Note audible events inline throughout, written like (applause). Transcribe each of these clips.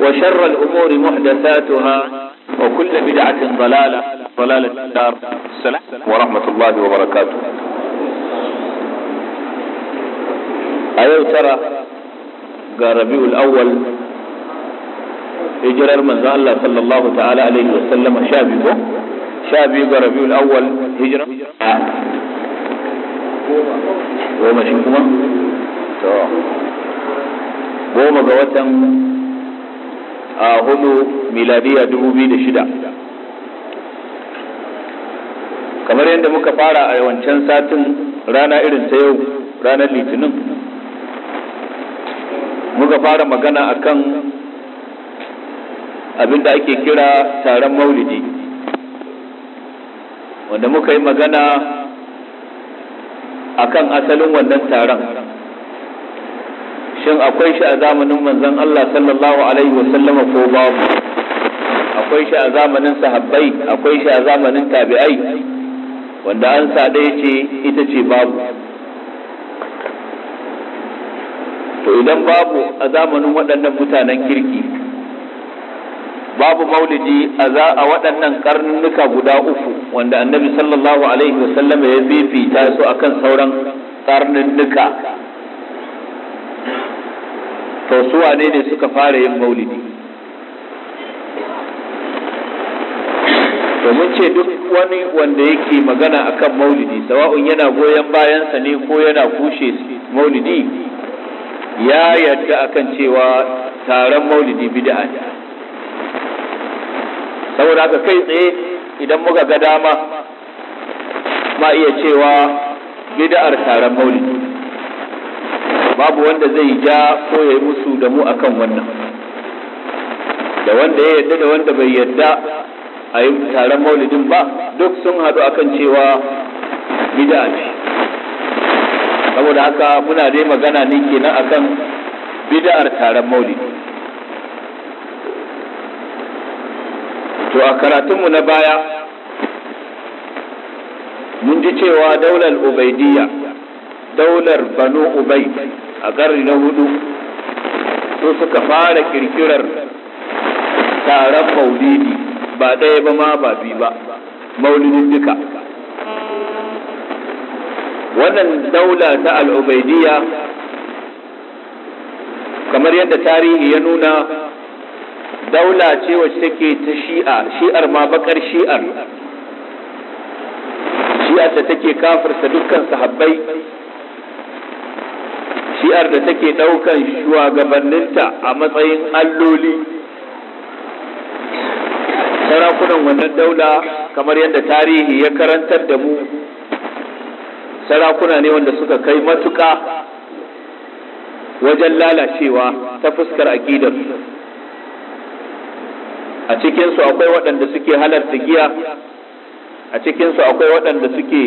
وشر الأمور محدثاتها وكل بدعة ضلالة ضلالة الدار السلام ورحمة الله وبركاته أيو ترى قال ربيع الأول هجر رمضان الله صلى الله تعالى عليه وسلم شابه شابه ربيع الأول هجر هو ما شكوما طيب. هو a hudu miladiya dubu biyu da shida kamar yadda muka fara a wancan satin rana irin ta yau ranar litinin muka fara magana kan abin da ake kira taron maulidi wanda muka yi magana akan asalin wannan taron shin akwai shi a zamanin manzon Allah sallallahu alaihi wasallama ko babu akwai shi a zamanin sahabbai akwai shi a zamanin tabi'ai wanda an sa ce ita ce babu to idan babu a zamanin waɗannan mutanen kirki babu maulidi a za a waɗannan karnuka guda uku wanda annabi sallallahu alaihi wasallama ya fifita su akan sauran karnunnuka to su wane ne suka fara yin maulidi to mun ce duk wani wanda yake magana akan maulidi sawa'un yana goyon bayansa ne ko yana kushe maulidi ya yarda akan cewa taron maulidi bid'a ne saboda haka kai tsaye idan muka ga dama ma iya cewa bid'ar taron maulidi babu wanda zai ja ko ya yi musu da mu akan wannan da wanda ya yarda da wanda bai yarda a yi taron maulidin ba duk sun haɗu akan cewa bid'a ne." saboda haka muna dai magana ne kenan akan bid'ar taron maulidi to a karatunmu na baya mun ji cewa daular ubaidiyya daular banu ubaid a gari na hudu su suka fara kirkirar taron maulidi ba ɗaya ba ma ba bi ba maulidin duka wannan daula ta al'ubaidiyya kamar yadda tarihi ya nuna daula ce wacce take ta shi'a shi'ar ma bakar shi'ar shi'ar da take kafarta dukkan sahabbai shi'ar da take ɗaukan shugabanninta a matsayin alloli sarakunan wannan daula kamar yadda tarihi ya karantar da mu sarakuna ne wanda suka kai matuƙa wajen lalacewa ta fuskar aƙidar a cikinsu akwai waɗanda suke halarta giya a cikinsu akwai waɗanda suke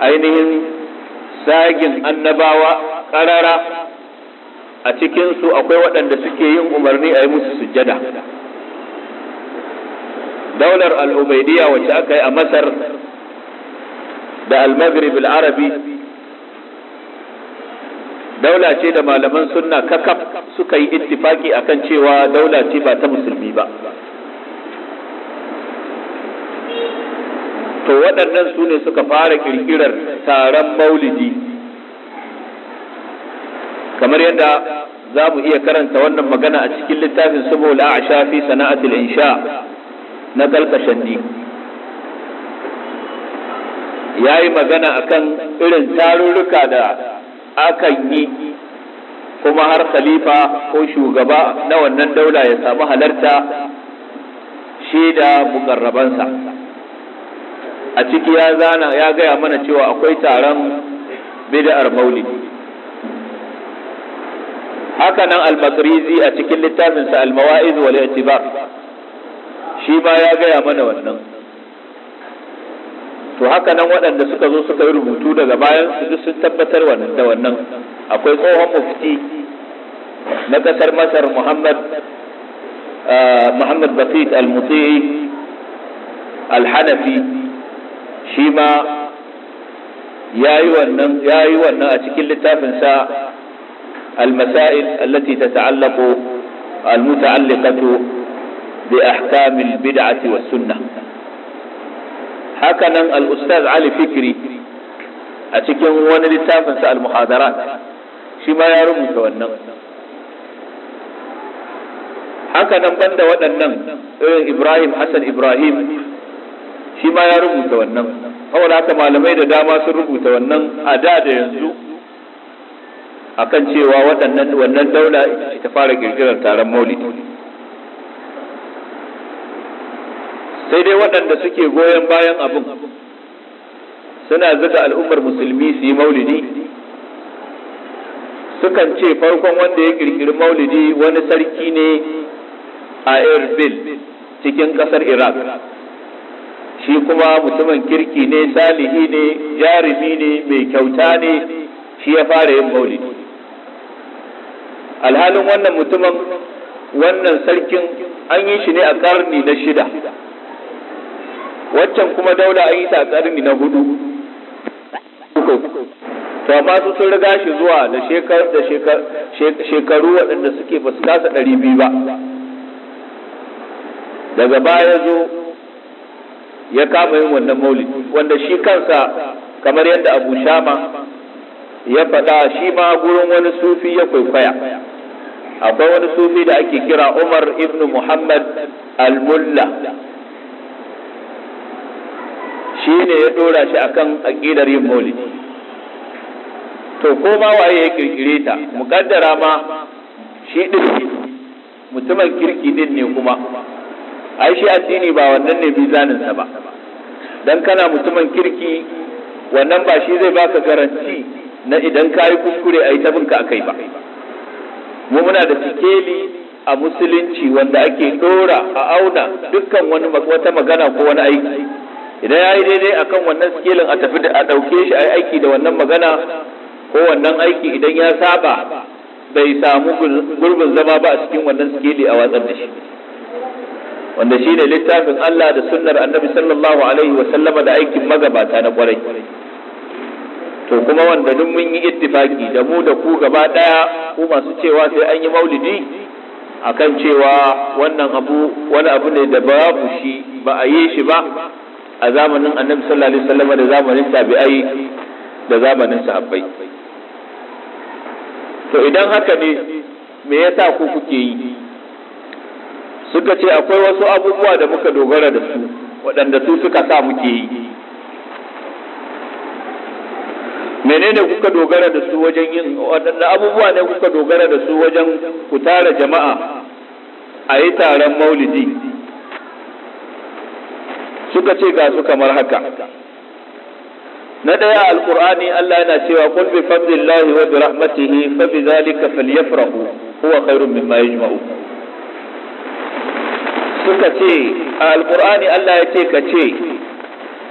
ainihin zagin annabawa karara a cikinsu akwai waɗanda suke yin umarni a yi musu sujjada daular al'ubaidiyya wacce aka yi a masar da al-maghrib arabi daula ce da malaman sunna kakaf suka yi ittifaki akan cewa daula ce ba ta musulmi ba to waɗannan su ne suka fara ƙirƙirar taron maulidi kamar yadda za mu iya karanta wannan magana a cikin littafin subul a'sha fi sana'atul insha na kalkashandi yi magana akan irin tarurruka da akan yi kuma har khalifa ko shugaba na wannan daula ya samu halarta shaida da a ciki ya zana ya gaya mana cewa akwai taron bid'ar maulidi haka nan al-makrizi a cikin littafinsa al-mawa'iz wal i'tibar shi ma ya gaya mana wannan to haka nan waɗanda suka zo suka yi rubutu daga bayan su duk sun tabbatar da wannan akwai tsohon mufti na ƙasar masar muhammad eh, muhammad basit al-muti'i al-hanafi shi ma ya yi wannan a cikin littafinsa المسائل التي تتعلق المتعلقة بأحكام البدعة والسنة هكذا الأستاذ علي فكري أتكلم وانا لتافنس المحاضرات شما يارم تونن هكذا بند ودنن إبراهيم حسن إبراهيم shi ma ya rubuta wannan kawai haka malamai da dama sun rubuta wannan a da da yanzu kan cewa waɗannan wannan daula ta fara girgirar taron maulidi sai dai waɗanda suke goyon bayan abin suna zuga al'ummar musulmi su yi maulidi sukan ce farkon wanda ya kirkiri maulidi wani sarki ne a erbil cikin ƙasar iraq shi kuma mutumin kirki ne salihi ne jarumi ne mai kyauta ne shi ya fara yin maulidi alhalin wannan mutumin wannan sarkin an yi shi ne a karni na shida waccan kuma daula an yi ta a karni na hudu to amma su sun riga shi zuwa da shekaru waɗanda suke ba kasa ɗari biyu ba daga baya zo ya kama yin wannan mauli wanda shi kansa kamar yadda abu shama ya faɗa shi ma gurin wani sufi ya kwaikwaya akwai wani sufi da ake kira umar ibn muhammad al-mulla shi ne ya dora shi akan aƙidar yin mauli to ko ma waye ya kirkire ta mukaddara ma shi din mutumin kirki din ne kuma ai shi addini ba wannan ne sa ba dan kana mutumin kirki wannan ba shi zai baka garanti na idan kayi kuskure a yi ta akai ba mu muna da sikeli a musulunci wanda ake dora a auna dukkan wani wata magana ko wani aiki idan ya daidai akan wannan sikelin a tafi da a ɗauke shi a yi aiki da wannan magana ko wannan aiki idan ya saba bai samu gurbin zama ba a cikin wannan sikeli a watsar da shi wanda shi ne littafin Allah da sunnar annabi sallallahu alaihi wa sallama da aikin magabata na kwarai to kuma wanda duk mun yi ittifaki da mu da ku gaba daya ku masu cewa sai an yi maulidi akan cewa wannan abu wani abu ne da babu shi ba a yi shi ba a zamanin annabi sallallahu alaihi wasallam da zamanin tabi'ai da zamanin sahabbai to idan haka ne me yasa ku kuke yi suka ce akwai wasu abubuwa da muka dogara da su waɗanda su suka sa muke yi menene kuka dogara da su wajen yin waɗanda abubuwa ne kuka dogara da su wajen ku tara jama'a a yi taron maulidi suka ce ga su kamar haka na ɗaya Alƙur'ani Allah yana cewa kun bi fadlillahi wa bi rahmatihi fa bi zalika falyafrahu huwa khairun mimma yajma'u suka ce a Alƙur'ani Allah ya ce ka ce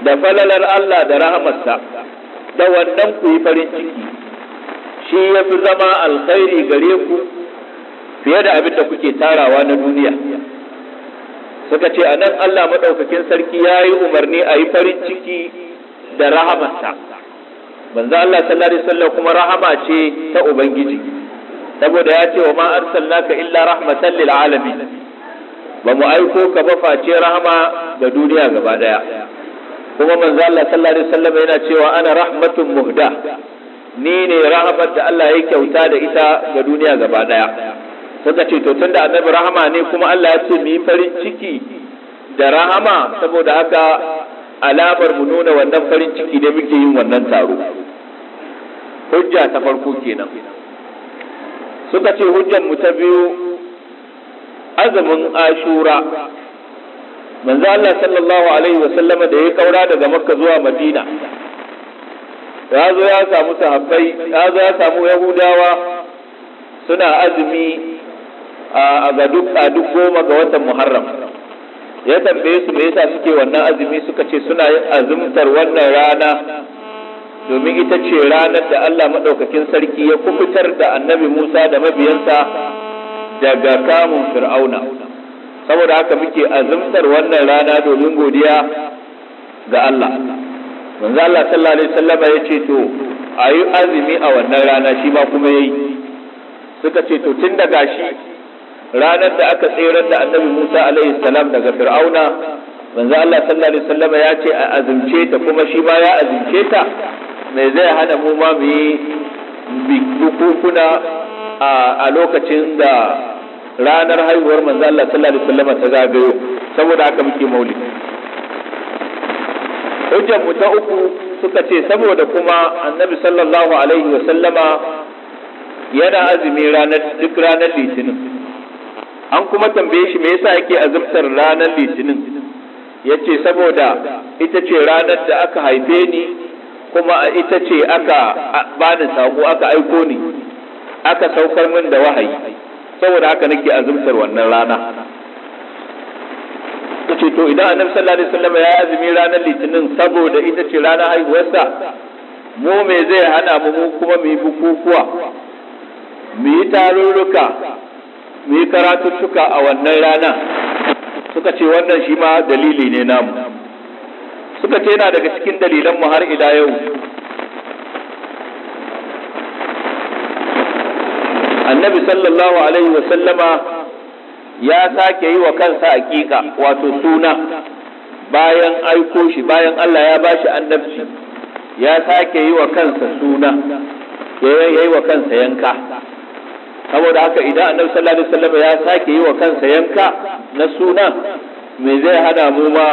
da falalar Allah da rahamarsa da wannan ku yi farin ciki shi ya fi zama alkhairi gare ku fiye da abin da kuke tarawa na duniya suka ce a nan Allah maɗaukakin sarki ya yi umarni a yi farin ciki da rahamarsa manzo Allah sallallahu alaihi wasallam kuma rahama ce ta ubangiji saboda ya ce wa ma arsalnaka illa rahmatan lil alamin ba mu aiko ka ba face rahama ga duniya gaba kuma manzo Allah sallallahu alaihi wasallam yana cewa ana rahmatun muhda ni ne rahamar da Allah ya kyauta da ita ga duniya gaba daya suka ce to tunda annabi rahama ne kuma Allah ya ce mu yi farin ciki da rahama saboda haka alamar mu nuna wannan farin ciki ne muke yin wannan taro hujja ta farko kenan suka ce hujjar mu ta biyu azumin ashura manzo Allah sallallahu alaihi wa sallama da ya kaura daga makka zuwa madina ya zo ya samu sahabbai ya ya samu yahudawa suna azumi a ga duk a duk goma ga watan muharram ya tambaye su me yasa suke wannan azumi suka ce suna azumtar wannan rana domin ita ce ranar da Allah madaukakin sarki ya kubutar da annabi Musa da mabiyansa daga kamun fir'auna saboda haka muke azumtar wannan rana domin godiya ga Allah manzo Allah sallallahu alaihi wasallam ya ce to ayi azumi a wannan rana shi ma kuma yayi suka ce to tun daga shi ranar da aka tsere da annabi Musa alaihi salam daga fir'auna manzo Allah sallallahu alaihi wasallam ya ce a azumce ta kuma shi ma ya azumce ta me zai hana mu ma mu yi bikukuna a lokacin da ranar haihuwar manzo Allah sallallahu alaihi wasallam ta zagayo saboda haka muke maulidi hujjar mu ta uku suka ce saboda kuma annabi sallallahu alaihi wasallama yana azumi ranar duk ranar litinin an kuma tambaye shi me yasa yake azumtar ranar litinin yace saboda ita ce ranar da aka haife ni kuma ita ce aka bani sako aka aiko ni aka saukar min da wahayi saboda haka nake azumtar wannan rana kace to idan annabi sallallahu alaihi wasallam ya azumi ranar litinin saboda ita ce ranar haihuwarsa mu me zai hana mu mu kuma mu yi bukukuwa mu yi tarurruka mu yi karatuttuka a wannan rana suka ce wannan shi ma dalili ne namu suka ce yana daga cikin dalilan mu har ila yau annabi sallallahu alaihi wa sallama ya sake yi wa kansa hakika wato suna bayan aiko shi bayan Allah ya bashi annabci ya sake yi wa kansa suna ya yi wa kansa yanka saboda haka idan annabi sallallahu alaihi wasallam ya sake yi wa kansa yanka na suna me zai hana mu ma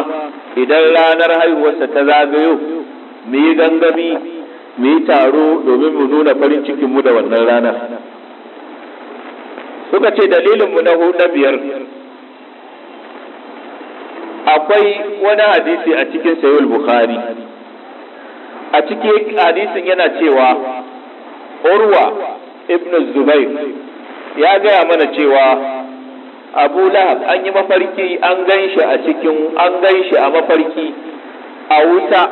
idan ranar haihuwarsa ta zagayo mu yi gangami mu yi taro domin mu nuna farin cikin mu da wannan ranar suka ce dalilinmu na na biyar akwai wani hadisi a cikin sayul bukhari a cikin hadisin yana cewa urwa ibn zubair ya gaya mana cewa abu lahab an yi mafarki an gan shi a cikin an gan a mafarki a wuta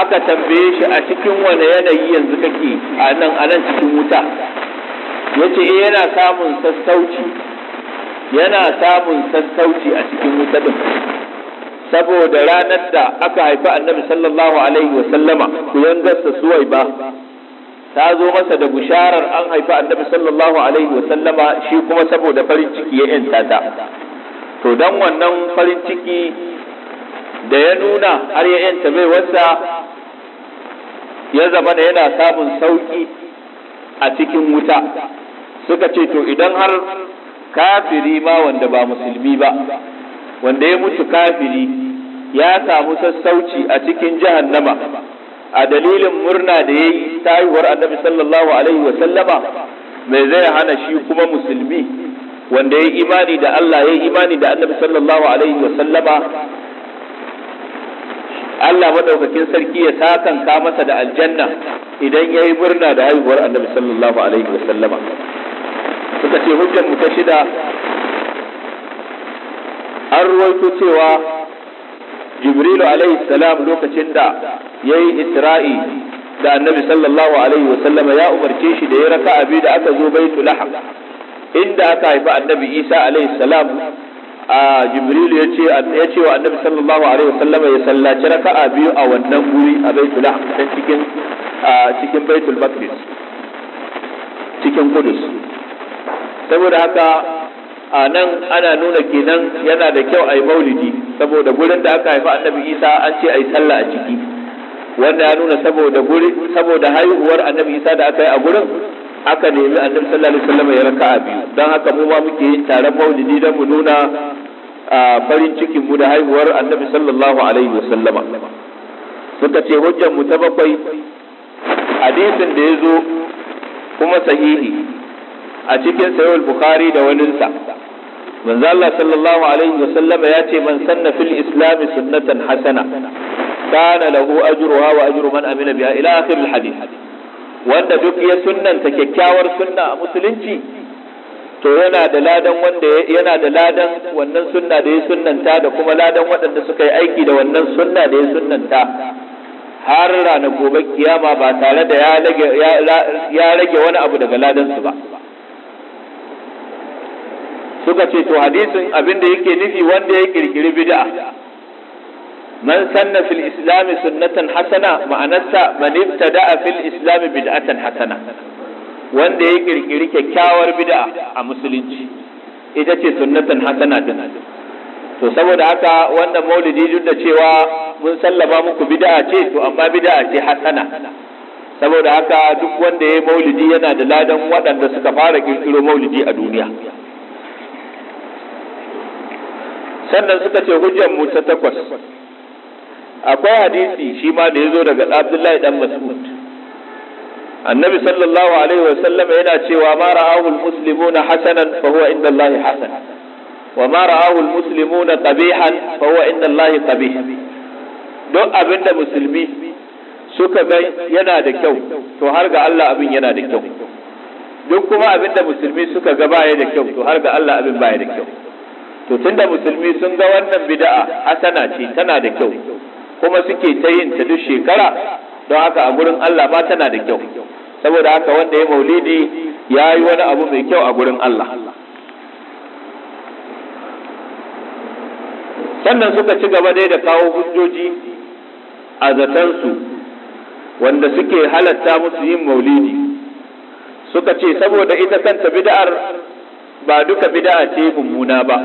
aka tambaye shi a cikin wani yanayi yanzu kake a nan a nan cikin wuta Yace eh yana samun sassauci yana samun sassauci a cikin wuta din saboda ranar da aka haifi annabi sallallahu alaihi wa sallama ku yangarsa suwai ba ta zo masa da bisharar an haifi annabi sallallahu alaihi wa sallama shi kuma saboda farin ciki ya yanta ta to dan wannan farin ciki da ya nuna har ya yanta mai wasa ya zama da yana samun sauki a cikin wuta suka ce to idan har kafiri ma wanda ba musulmi ba wanda ya mutu kafiri ya samu sassauci a cikin jahannama a dalilin murna da ya yi ta haihuwar annabi sallallahu alaihi wa sallama mai zai hana shi kuma musulmi wanda ya imani da Allah ya imani da annabi sallallahu alaihi wa sallama Allah madaukakin sarki ya sakanka masa da aljanna idan ya yi murna da haihuwar annabi sallallahu alaihi wa sallama suka ce hujjar mu ta shida an ruwaito cewa jibrilu alaihi salam lokacin da ya yi isra'i da annabi sallallahu alaihi wasallama ya umarce shi da ya raka abi da aka zo baitul laham inda aka haifi annabi isa alaihi salam a jibril ya ce wa annabi sallallahu alaihi wasallam ya sallaci raka'a biyu a wannan guri a baitul laham cikin cikin baitul cikin kudus saboda haka a nan ana nuna kenan yana da kyau a yi maulidi saboda gurin da aka haifa annabi isa an ce a yi sallah a ciki wanda ya nuna saboda guri saboda haihuwar annabi isa da aka yi a gurin aka nemi annabi sallallahu alaihi wasallam ya raka'a biyu don haka mu ma muke yin taron maulidi don mu nuna farin cikin mu da haihuwar annabi sallallahu alaihi wasallama suka ce hujjar mu ta bakwai hadisin da ya zo kuma sahihi a cikin sahih bukhari da waninsa manzo Allah sallallahu alaihi wasallam ya ce man sanna fil islam sunnatan hasana kana lahu ajruha wa ajru man amila biha ila akhir al hadith wanda duk ya sunnanta kyakkyawar sunna a musulunci to yana da ladan wanda yana da ladan wannan sunna da ya sunnanta da kuma ladan waɗanda suka yi aiki da wannan sunna da ya sunnanta har ranar gobe kiyama ba tare da ya rage wani abu daga ladansu ba suka ce to hadisin abinda yake nufi wanda ya kirkiri bid'a man sanna fil islam sunnatan hasana ma'anarsa man ibtada'a fil islam bid'atan hasana wanda ya kirkiri kyakkyawar bid'a a musulunci ita ce sunnatan hasana din to saboda haka wannan maulidi duk da cewa mun sallama muku bid'a ce to amma bid'a ce hasana saboda haka duk wanda ya maulidi yana da ladan waɗanda suka fara kirkiro maulidi a duniya sannan suka ce hujjar mu ta takwas akwai hadisi shi ma da ya zo daga abdullahi dan mas'ud annabi sallallahu alaihi wa sallam yana cewa ma ra'ahu almuslimuna hasanan fa huwa inda allahi hasan wa ma ra'ahu almuslimuna qabihan fa huwa inda allahi qabih don abinda musulmi suka ga yana da kyau to har ga Allah abin yana da kyau duk kuma abinda musulmi suka ga baya da kyau to har ga Allah abin baya da kyau to tunda musulmi sun ga wannan bid'a hasana ce tana da kyau kuma suke ta yin ta duk shekara don haka a gurin Allah ma tana da kyau saboda haka wanda ya maulidi ya yi wani abu mai kyau a gurin Allah sannan suka ci gaba dai da kawo hujjoji a su wanda suke halatta musu yin maulidi suka ce saboda ita kanta bid'ar ba duka bid'a ce mummuna ba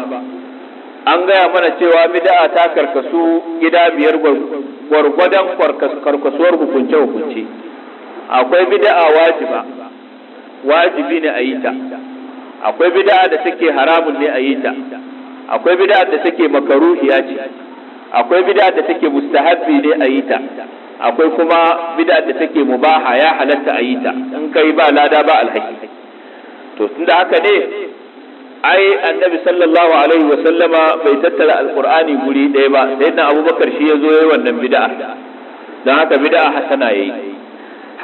an gaya mana cewa bid'a ta karkasu gida biyar gwargwadon karkasuwar hukunce hukunce akwai bid'a wajiba wajibi ne a yi ta akwai bid'a da take haramun ne a yi ta akwai bid'a da take makaruhiya ce akwai bid'a da take mustahabbi ne a yi ta akwai kuma bid'a da take mubaha ya halatta a yi ta in kai ba lada ba alhaki to tunda haka ne ai annabi sallallahu alaihi wa sallama bai tattara alqur'ani guri ɗaya ba sai dan abubakar shi ya zo yayi wannan bid'a dan haka bid'a hasana yayi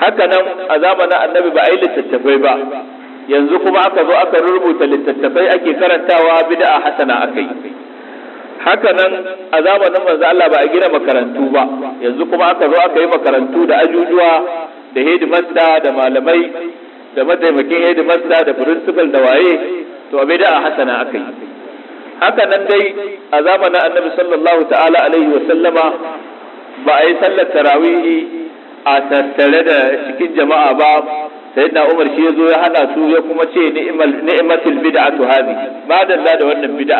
haka nan a zamanin annabi ba a yi littattafai ba yanzu kuma aka zo aka rubuta littattafai ake karantawa bid'a hasana akai haka nan a zamanin manzo Allah ba a gina makarantu ba yanzu kuma aka zo aka yi makarantu da ajujuwa da hedimasta da malamai da mataimakin hedimasta da principal da waye to bid'a hasana akai haka nan dai a zamanin annabi sallallahu ta'ala alaihi wa sallama ba a yi sallar tarawihi a tattare da cikin jama'a ba sai da umar shi ya zo ya hana su ya kuma ce ni'matul bid'atu hadi ba da da wannan bid'a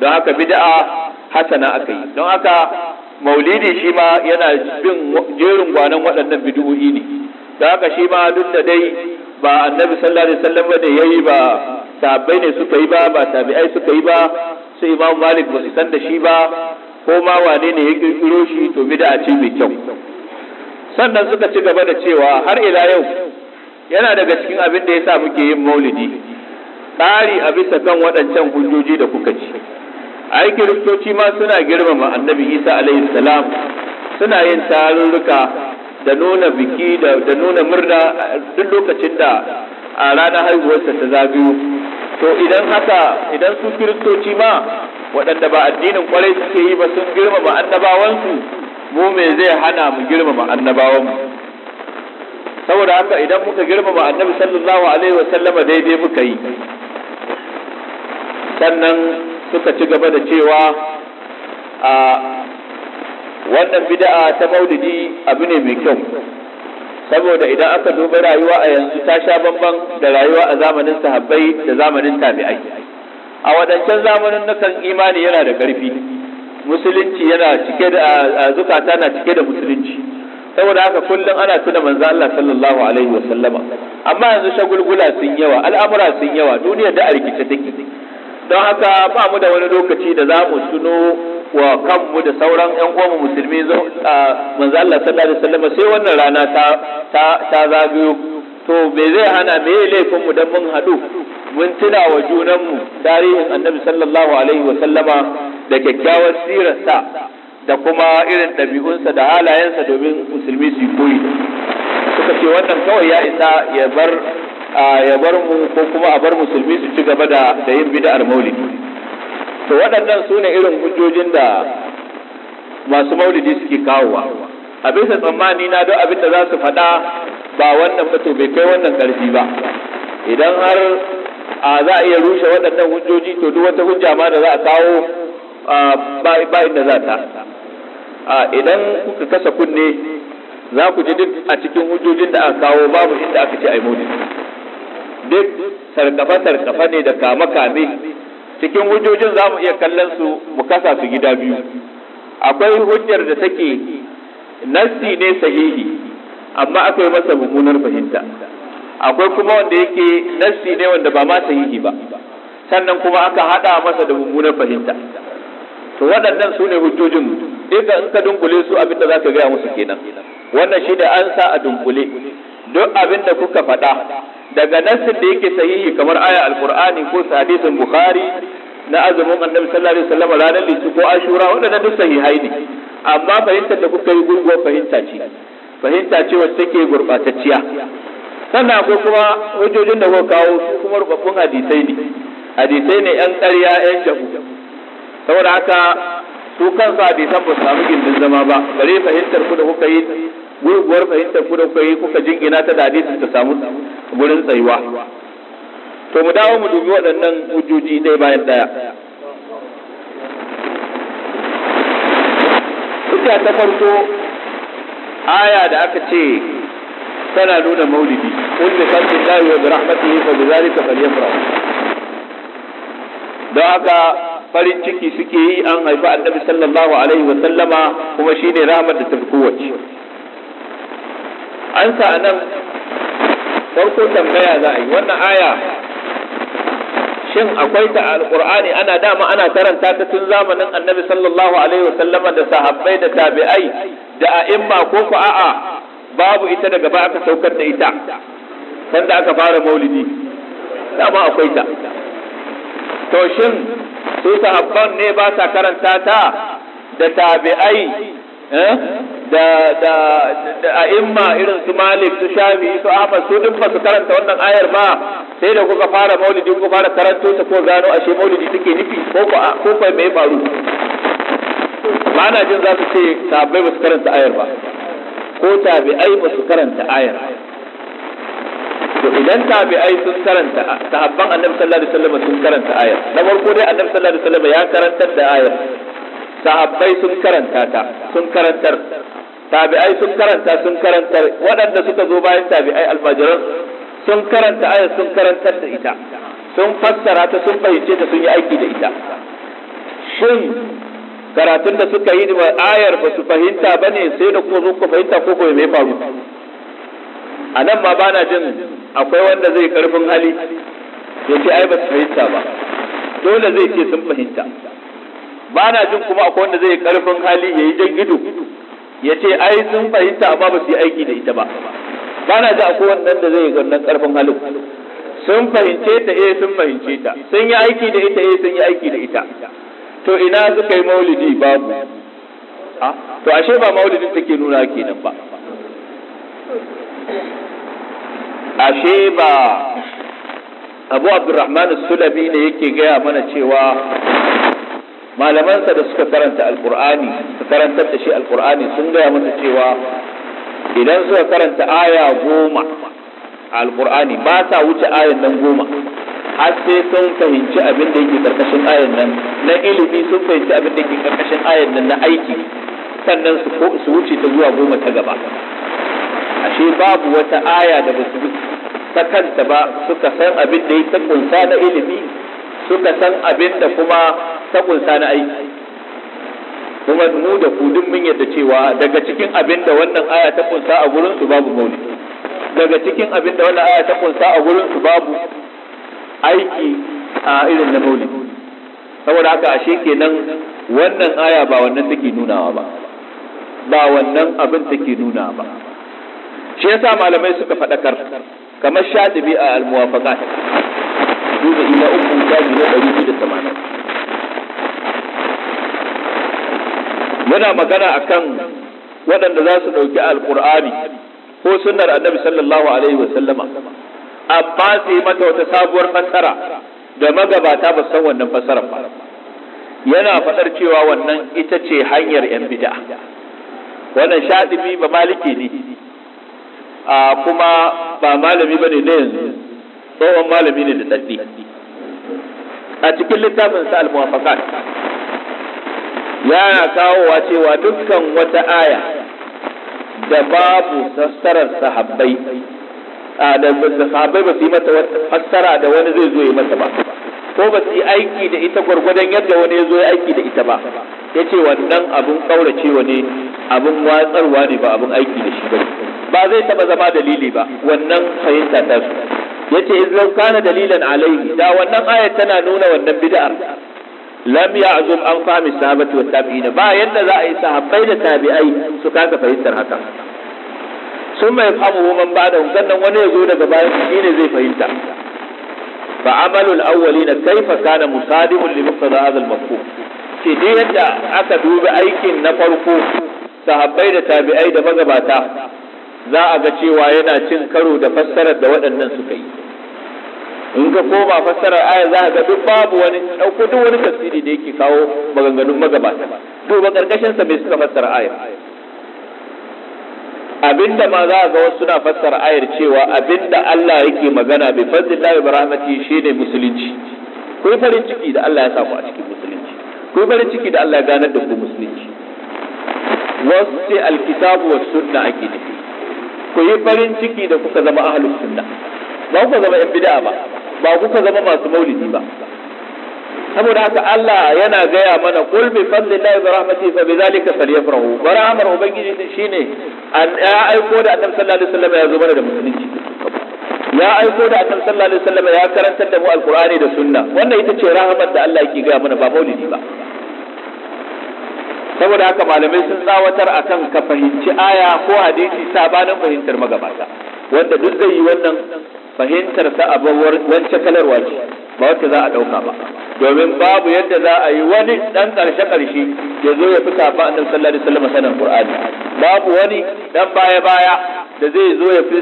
don haka bid'a hasana akai don haka maulidi shi ma yana bin jerin gwanan waɗannan bid'o'i ne don haka shi ma duk da dai ba annabi sallallahu alaihi wasallam ne yayi ba Tabbai ne suka yi ba ba tabi'ai suka yi ba sai imam malik ba su san da shi ba ko ma wane ne ya kirkiro shi to bid'a ce mai kyau sannan suka ci gaba da cewa har ila yau yana daga cikin abin da ya sa muke yin maulidi tsari a bisa kan waɗancan hujjoji da kuka ci ai kiristoci ma suna girmama annabi isa alaihi salam suna yin tarurruka da nuna biki da nuna murna eh, duk lokacin da a ranar haihuwarsa ta zagayo to idan haka idan su kiristoci ma waɗanda ba addinin kwarai suke yi ba sun girmama annabawansu mu me zai hana mu girmama annabawanmu saboda haka idan muka girmama annabi sallallahu alaihi wa sallama daidai muka yi sannan suka ci gaba da cewa a wannan bid'a ta maulidi abu ne mai kyau saboda idan aka duba rayuwa a yanzu ta sha bamban da rayuwa a zamanin sahabbai da zamanin tabi'ai a wadancan zamanin nukan imani yana da ƙarfi musulunci yana cike da zukata na cike da musulunci saboda haka kullum ana tuna manzo Allah sallallahu alaihi wasallama amma yanzu shagulgula sun yawa al'amura sun yawa duniya da a take don haka ba mu da wani lokaci da za mu suno. wa kanmu da sauran 'yan uwanmu musulmi zo manzo sallallahu alaihi wasallam sai wannan rana ta ta zagayo to me zai hana me laifin mu dan mun haɗu mun tuna wa junanmu tarihin annabi sallallahu alaihi wasallama da kyakkyawar sirarsa da kuma irin ɗabi'unsa da halayensa domin musulmi su koyi suka ce wannan kawai ya isa ya bar ya bar mu ko kuma a bar musulmi su ci gaba da yin bida'ar maulidi to waɗannan su ne irin hujjojin da masu maulidi suke kawowa a bisa tsammani na duk abin da za su faɗa ba wannan ba bai kai wannan ƙarfi ba idan har a za a iya rushe waɗannan hujjoji to duk wata hujja ma da za a kawo ba inda za ta idan kuka kasa kunne za ku ji duk a cikin hujjojin da aka kawo babu inda aka ce ai maulidi duk sarkafa-sarkafa ne da kame-kame cikin hujjojin za mu iya kallon su mu kasa su gida biyu akwai hujjar da take nassi ne sahihi amma akwai masa mummunar fahimta akwai kuma wanda yake nassi ne wanda ba ma sahihi ba sannan kuma aka hada masa da mummunar fahimta to waɗannan su ne hujjojin idan in ka dunkule su abin da za ka gaya musu kenan wannan shi da an sa a dunkule duk abin da kuka faɗa daga nasin da yake sahihi kamar aya alqur'ani ko hadisin bukhari na azumin annabi sallallahu alaihi wasallam ranar litinin ko ashura waɗannan duk sahihai ne amma fahimtar da kuka yi gurgo fahimta ce fahimta ce wacce take gurbatacciya sannan ko kuma hujjojin da kuka kawo su kuma rubabbun hadisai ne hadisai ne yan ƙarya yan jahu saboda haka ko kansa bai tabbas samu gindin zama ba bare fahimtar ku da kuka yi gurguwar fahimtar ku da kuka yi kuka jingina ta da hadisin ta samu gurin tsayuwa to mu dawo mu dubi waɗannan hujjoji ɗaya bayan ɗaya hujja ta farko aya da aka ce tana nuna maulidi qul bi da wa bi rahmatihi fa bi zalika falyafrahu don haka farin ciki suke yi an haifi annabi sallallahu alaihi wa sallama kuma shine rahmat da tafi kowace an sa anan farko tambaya za a yi wannan aya shin akwai ta alqur'ani ana dama ana karanta ta tun zamanin annabi sallallahu alaihi wa sallama da sahabbai da tabi'ai da a'imma ko ku a'a babu ita daga ba aka saukar da ita sanda aka fara maulidi dama akwai ta to shin su sahabban ne ba sa karanta ta da tabi'ai eh, da da da a'imma irin su Malik su Shafi su afa su duk ba su karanta wannan ayar ba sai da kuka fara maulidi kuka fara karanto ta ko gano ashe maulidi take nufi ko ko ko mai faru ba na jin za su ce tabi'ai ba su karanta ayar ba ko tabi'ai ba su karanta ayar to idan tabi'ai sun karanta sahabban annabi sallallahu alaihi wasallam sun karanta ayar na farko dai annabi sallallahu alaihi wasallam ya karantar da ayar sahabbai sun karanta ta sun karantar tabi'ai sun karanta sun karantar waɗanda suka zo bayan tabi'ai almajiran sun karanta ayar sun karantar da ita sun fassara ta sun fahimce ta sun yi aiki da ita shin karatun da suka yi da ayar ba su fahimta bane sai da kuma zo ku fahimta ko ko mai faru a nan ma na jin akwai wanda zai karfin hali ya ce ai ba su fahimta ba dole zai ce sun fahimta Ba na jin kuma akwai wanda zai karfin hali ya yi jan gido ya ce ai sun fahimta amma ba su yi aiki da ita ba Ba na ji akwai wannan da zai wannan karfin halin sun fahimce ta eh sun fahimce ta sun yi aiki da ita eh sun yi aiki da ita to ina suka yi maulidi babu ah, to ashe ba maulidin take nuna kenan ba ashe ba abu abdurrahman sulabi ne yake gaya mana cewa malamansa da suka karanta alkur'ani suka karantar da shi alkur'ani sun gaya masa cewa idan suka karanta aya goma alkur'ani ba ta wuce ayan nan goma har sai sun fahimci abin da yake karkashin ayan nan na ilimi sun fahimci abin da yake karkashin ayan nan na aiki sannan su wuce ta zuwa goma ta gaba ashe babu wata aya da ba su ta kanta ba suka san abin da ya ta kunsa na ilimi suka san abin da kuma ta kunsa na aiki kuma mu da ku duk mun yadda cewa daga cikin abin da wannan aya ta kunsa a gurin su babu maulid daga cikin abin da wannan aya ta kunsa a gurin su babu aiki a irin na maulid saboda haka ashe kenan wannan aya ba wannan take nunawa ba ba wannan abin take nuna ba shi yasa malamai suka faɗakar kamar shatibi a almuwafaqat duba ila uku jami na ɗari da tamanin muna magana akan waɗanda za su ɗauki alƙur'ani ko sunnar annabi sallallahu alaihi wa sallama amma su yi mata wata sabuwar fassara da magabata ba san wannan fassarar ba yana faɗar cewa wannan ita ce hanyar yan bid'a wannan shaɗibi ba maliki ne a kuma ba malami bane na yanzu tsohon malami ne da tsaddi a cikin littafin sa al-muwafaqat yana kawowa cewa dukkan wata aya da babu fassarar sahabbai da sahabbai ba su yi mata fassara da wani zai zo yi mata ba ko ba su yi aiki da ita gwargwadon yadda wani ya zo ya aiki da ita ba ya ce wannan abin ƙauracewa ne abin watsarwa ne ba abin aiki da shi ba ba zai taɓa zama dalili ba wannan fahimta ta su ya ce izlau kana dalilan alaihi da wannan ayar tana nuna wannan bid'ar lam ya'zum an fahmi sahabati wa tabi'ina ba yadda za a yi sahabbai da tabi'ai su kasa fahimtar haka sun mai famu man ba da sannan wani ya zo daga bayan shi ne zai fahimta fa amalul awwalina kaifa kana musadibun li muqtada hadha al-mafhum dai yadda aka dubi aikin na farko sahabbai da tabi'ai da magabata za a ga cewa yana cin karo da fassarar da waɗannan suka yi in ka koma fassarar aya za a ga duk babu wani ɗauko duk wani tafsiri da yake kawo maganganun magabata duba ƙarƙashinsa mai suka fassara aya abinda ma za a ga wasu suna fassara ayar cewa abinda Allah yake magana bi fadlillahi wa rahmatihi shine musulunci ku farin ciki da Allah ya sa ku a cikin musulunci ku farin ciki da Allah ya ganar da ku musulunci wasu sai alkitabu wa sunna ake nufi ku yi farin ciki da kuka zama ahlus sunna ba kuka zama yan bid'a ba ba kuka zama masu maulidi ba saboda haka Allah yana gaya mana kul bi fadlillahi wa rahmatihi fa bidhalika falyafrahu wa ubangiji din shine ya aiko da annabi sallallahu alaihi wasallam ya zo mana da musulunci ya aiko da annabi sallallahu alaihi wasallam ya karantar da mu alqur'ani da sunna wannan ita ce rahmar da Allah yake gaya mana ba maulidi ba saboda haka malamai sun tsawatar akan ka fahimci aya ko hadisi sabanin fahimtar magabata wanda duk zai yi wannan fahimtar sa a wancan kalarwa ce ba wacce za a ɗauka ba domin babu yadda za a yi wani dan ƙarshe ƙarshe ya zo ya fi safa annabi sallallahu alaihi wasallam sanan qur'ani babu wani dan baya baya da zai zo ya fi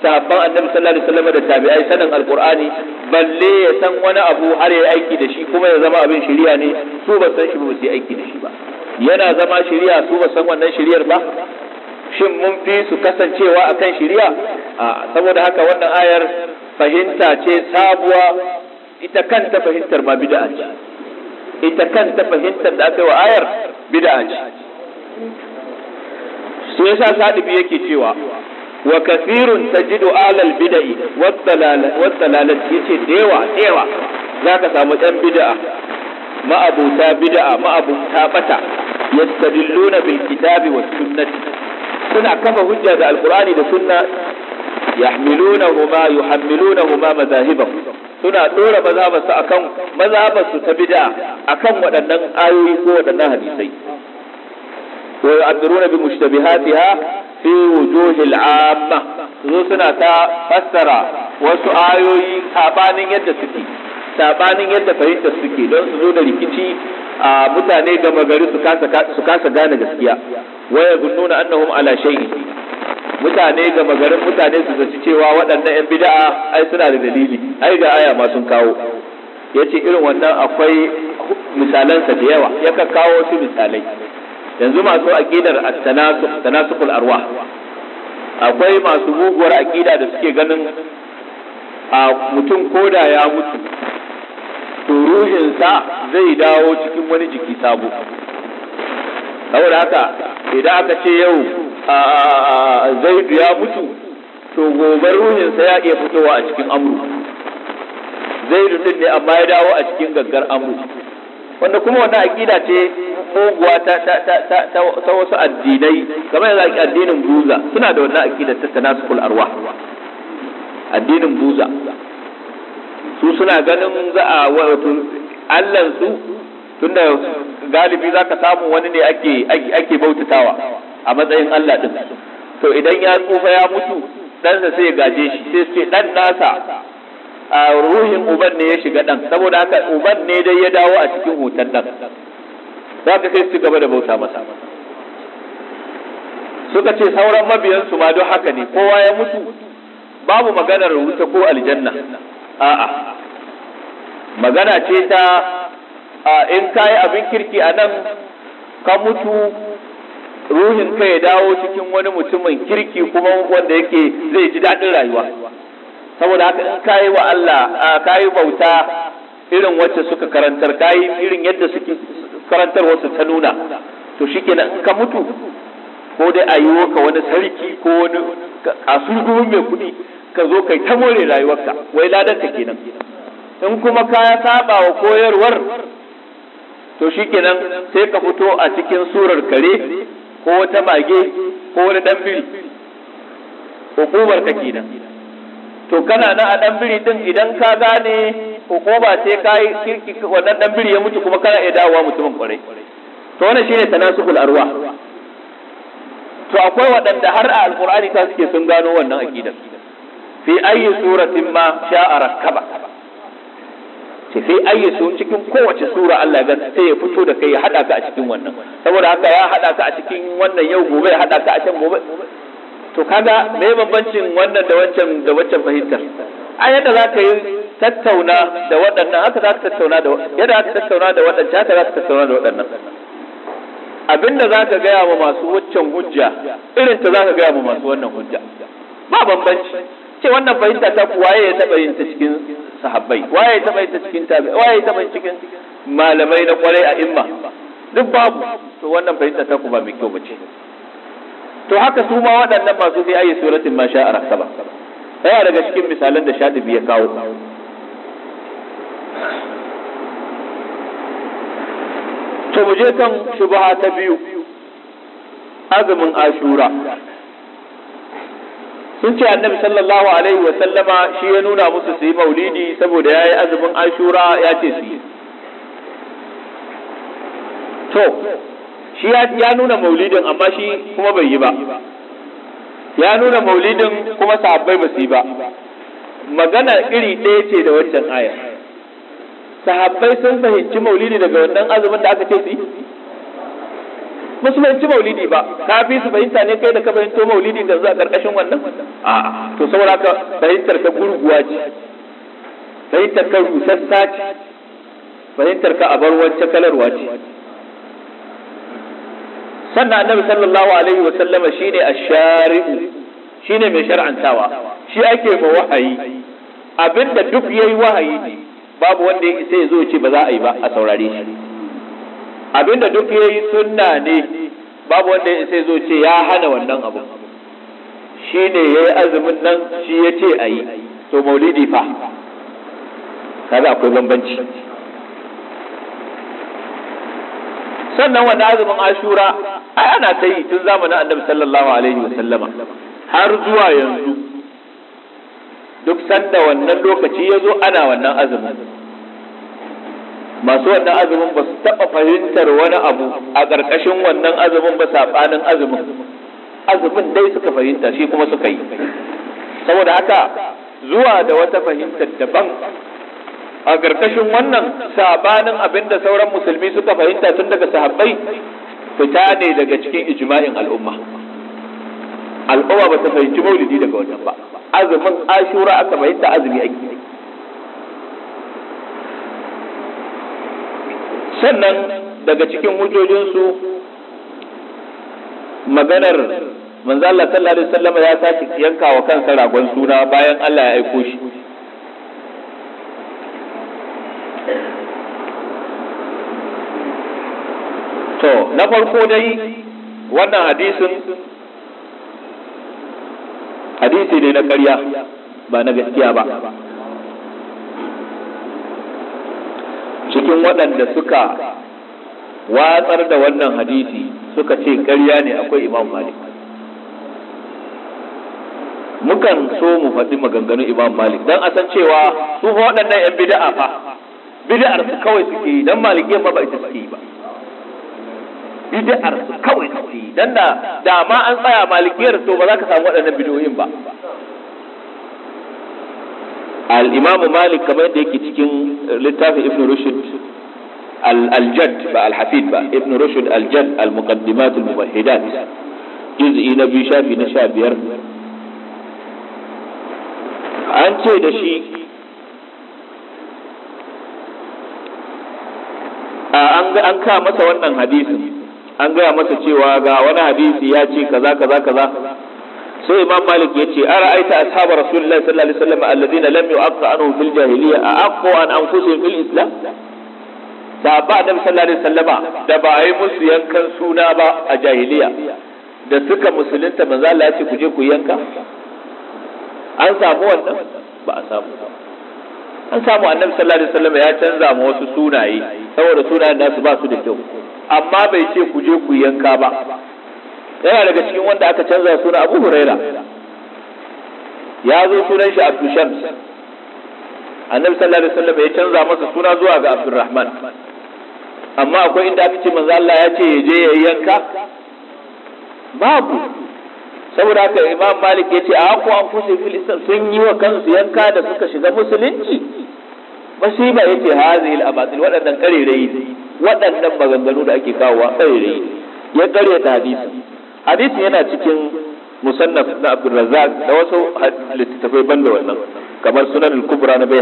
safan annabi sallallahu alaihi wasallam da tabi'ai sanan alqur'ani balle ya san wani abu har ya aiki da shi kuma ya zama abin shari'a ne su ba san shi ba su aiki da shi ba yana zama shari'a su ba san wannan shari'ar ba shin mun fi su kasancewa a kan shiriya saboda haka wannan ayar fahimta ce sabuwa ita kanta fahimtar ba bid'a ce ita kanta fahimtar da aka yi wa ayar bid'a ce su yasa sadibi yake cewa wa kathirun tajidu alal bid'i wad dalalat yace dewa dewa ka samu ɗan bid'a ma'abuta bid'a ma'abuta bata yastadilluna bil kitabi was sunnati suna kafa hujja da alkur'ani da sunna yahmilunahuma yuhammilunahuma madahibahum suna dora mazhabarsu akan mazhabarsu ta bid'a akan waɗannan ayoyi ko waɗannan hadisai wa yu'abiruna bi mushtabihatiha fi wujuhil amma zo suna ta fassara wasu ayoyi sabanin yadda suke sabanin yadda fahimtar suke don su zo da rikici a mutane gama gari su kasa gane gaskiya wa nuna annahum ala shay'in mutane gama garin mutane su zaci cewa waɗannan yan bida'a ai suna da dalili ai ga aya ma sun kawo yace irin wannan akwai misalansa da yawa yakan kawo wasu misalai yanzu masu aqidar at-tanasuq tanasuqul arwah akwai masu muguwar aƙida da suke ganin a mutum koda ya mutu to ruhinsa zai dawo cikin wani jiki sabo saboda haka idan aka ce yau zaidu ya mutu to gobe ruhinsa ya iya fitowa a cikin amru zaidu din ne amma ya dawo a cikin gaggar amru wanda kuma wata aƙida ce koguwa ta ta wasu addinai kamar yanzu addinin buza suna da wannan aƙidar ta tanasukul arwa addinin buza su suna ganin za a wato tunda galibi za ka samu wani ne ake ake bautatawa a matsayin Allah din to idan ya tsufa ya mutu ɗansa sai ya gaje shi sai sai ɗan nasa a ruhin uban ne ya shiga ɗan saboda haka uban ne dai ya dawo a cikin hoton ɗan za ka sai su gaba da bauta masa suka ce sauran mabiyansu ma don haka ne kowa ya mutu babu maganar wuta ko aljanna a'a magana ce ta in ka yi abin kirki a nan ka mutu ruhin ka ya dawo cikin wani mutumin kirki kuma wanda yake zai ji daɗin rayuwa saboda haka in ka yi wa Allah ka yi bauta irin wacce suka karantar ka yi irin yadda suke karantar wasu ta nuna to shikenan in ka mutu ko dai a yi ka wani sarki ko wani kasurgumin mai kuɗi ka zo kai ta more rayuwarka wai ladanka kenan in kuma ka saba wa koyarwar to shikenan sai ka fito a cikin surar kare ko wata mage ko wani dan biri hukumar ka kenan to kana na a dan biri din idan ka gane hukuma sai ka yi kirki wannan dan biri ya mutu kuma kana iya dawowa mutumin kwarai to wannan shine tanasukul arwa to akwai waɗanda har a alqur'ani ta suke sun gano wannan aqidar fi ayi suratin ma sha'a rakaba ce sai ayi su cikin kowace sura Allah ga sai ya fito da kai ya hada ka a cikin wannan saboda haka ya hada ka a cikin wannan yau gobe ya hada ka a can gobe to kaga me bambancin wannan da wancan da wancan fahimtar a yadda za ka yi tattauna da waɗannan haka za ka tattauna da yadda za ka tattauna da waɗannan haka za ka tattauna da waɗannan abinda za ka gaya wa masu waccan hujja irin ta za ka gaya wa masu wannan hujja ba bambanci ce wannan fahimta ta ku waye ya taba yin ta cikin sahabbai waye ya taba yin ta cikin tabi'i waye ya taba yin cikin malamai na kwarai a imma duk babu to wannan fahimta ta ku ba mai kyau bace to haka su ma waɗannan masu fi ayi suratin ma sha'a ba? yana daga cikin misalan da shadibi ya kawo to mu je kan shubha ta biyu azumin ashura sun ce annabi sallallahu alaihi wa sallama shi ya nuna musu su yi maulidi saboda ya yi azumin ashura ya ce su yi to shi ya nuna maulidin amma shi kuma bai yi ba ya nuna maulidin kuma sahabbai ba su yi ba magana iri ɗaya ce da wancan ayar sahabbai sun fahimci maulidi daga wannan azumin da aka ce su yi ba su fahimci maulidi ba ka fi su fahimta ne kai da ka fahimto maulidi da zuwa karkashin wannan a to saboda ka fahimtar ka gurguwa ce fahimtar ka rusassa ce fahimtar ka abar wacce kalarwa ce sannan annabi sallallahu alaihi wa sallama shine ash-shari'u shine mai shar'antawa shi ake ba wahayi abinda duk yayi wahayi ne babu wanda ya isa ya zo ce ba za a yi ba a saurare shi abinda duk yayi sunna ne babu wanda ya sai zo ce ya hana wannan abu shi ne ya yi azumin nan shi ya ce a yi to maulidi fa kada akwai bambanci sannan wani azumin ashura ai ana ta yi tun zamanin annabi sallallahu alaihi wasallama har zuwa yanzu duk sanda wannan lokaci ya zo ana wannan azumin masu wannan azumin ba su taɓa fahimtar wani abu a ƙarƙashin wannan azumin ba saɓanin azumin azumin dai suka fahimta shi kuma suka yi saboda haka zuwa da wata fahimtar daban a ƙarƙashin wannan saɓanin abin da sauran musulmi suka fahimta tun daga sahabbai fita ne daga cikin ijma'in al'umma al'umma ba ta fahimci maulidi daga wannan ba azumin ashura aka fahimta azumi ake sannan daga cikin hujjojinsu maganar manzo Allah sallallahu alaihi wasallam ya tashi yanka wa kansa ragon suna bayan Allah ya aiko shi to na farko dai wannan hadisin hadisi ne na ƙarya ba na gaskiya ba cikin waɗanda suka watsar da wannan hadisi suka ce ƙarya ne akwai imam malik mukan so mu faɗi maganganun imam malik don a san cewa su fa waɗannan 'yan bida'a fa bida'ar su kawai suke yi don malikiyar fa ba ita suke yi ba bida'ar su kawai suke yi dan da ma an tsaya malikiyar to ba za ka samu waɗannan bidiyoyin ba al malik kamar yadda yake cikin littafin ibn rushd al-jadd ba al-hafid ba ibn rushd al-jadd al-muqaddimat al-mubahhidat juz'i na biyu shafi na sha biyar an ce da shi an ka masa wannan hadisin an gaya masa cewa ga wani hadisi ya ce kaza kaza kaza sai imam malik ya ce ara aita ashabar rasulullahi sallallahu alaihi wasallam alladhina lam yu'aqqa anhu fil jahiliya a aqqa an anfusihim fil islam da ba da sallallahu alaihi wasallam da ba a yi musu yankan suna ba a jahiliya da suka musulunta manzo Allah ya ce ku je ku yanka an samu wannan ba a samu an samu annabi sallallahu alaihi wasallam ya canza ma wasu sunaye saboda sunayen nasu ba su da kyau amma bai ce ku je ku yanka ba yana daga cikin wanda aka canza suna abu huraira ya zo sunan shi abdushams annabi sallallahu alaihi wasallam ya canza masa suna zuwa ga abdurrahman amma akwai inda aka ce manzo Allah ya ce ya je ya yanka babu saboda haka imam malik ya ce a ko an kushe filistin sun yi wa kansu yanka da suka shiga musulunci masiba ya ce hazi al-abatil waɗannan ƙarerayi waɗannan maganganu da ake kawo ƙarerayi ya ta hadisi Hadisin yana cikin musannaf na abdulrazzaq da wasu littattafai ban da wannan kamar sunan al-kubra na bai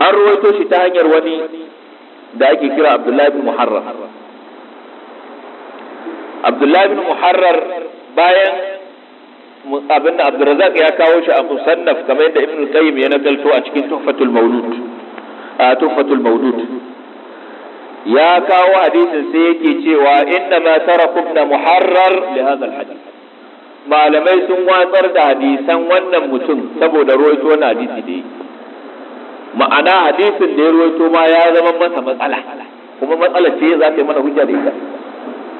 an ruwaito shi ta hanyar wani da ake kira abdullahi bin muharrar abdullahi bin muharrar bayan abin da Abdulrazak ya kawo shi a musannaf kamar yadda Ibn qayyim ya nakalto a cikin tuhfatul maulud a tuhfatul maulud ya kawo hadisin sai yake cewa inna ma tarakum na muharrar li hadha hadith malamai sun watsar da hadisan wannan mutum saboda ruwaito na hadisi da ma'ana hadisin da ya ruwaito ma ya zama masa matsala kuma matsala ce za ta yi mana hujja da ita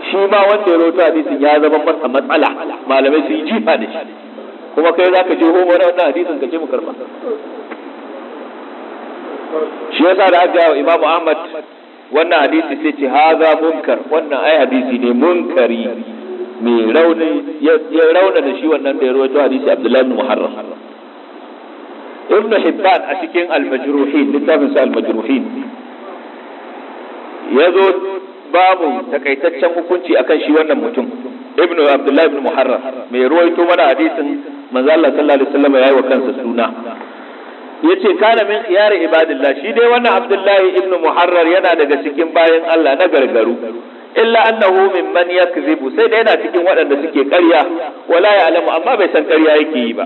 shi ma wanda ya ruwaito hadisin ya zama masa matsala malamai sun yi jifa da shi kuma kai za ka je homo na wannan hadisin ka ce mu karba shi yasa da aka imamu ahmad wannan hadisi sai ce haza munkar wannan ai hadisi ne munkari mai rauni ya rauna da shi wannan da ya rawaito hadisi Abdullahi bin Muharram Ibn Hibban a cikin al-majruhin littafin sa al-majruhin yazo babu takaitaccen hukunci akan shi wannan mutum Ibn Abdullahi bin Muharram mai rawaito mana hadisin manzo Allah sallallahu alaihi wasallam yayi wa kansa suna yace kana min khiyar ibadillah shi dai wannan abdullahi ibnu muharrar yana daga cikin bayan Allah na gargaru illa annahu mimman yakzibu sai dai yana cikin waɗanda suke ƙarya wala alamu. amma bai san ƙarya yake yi ba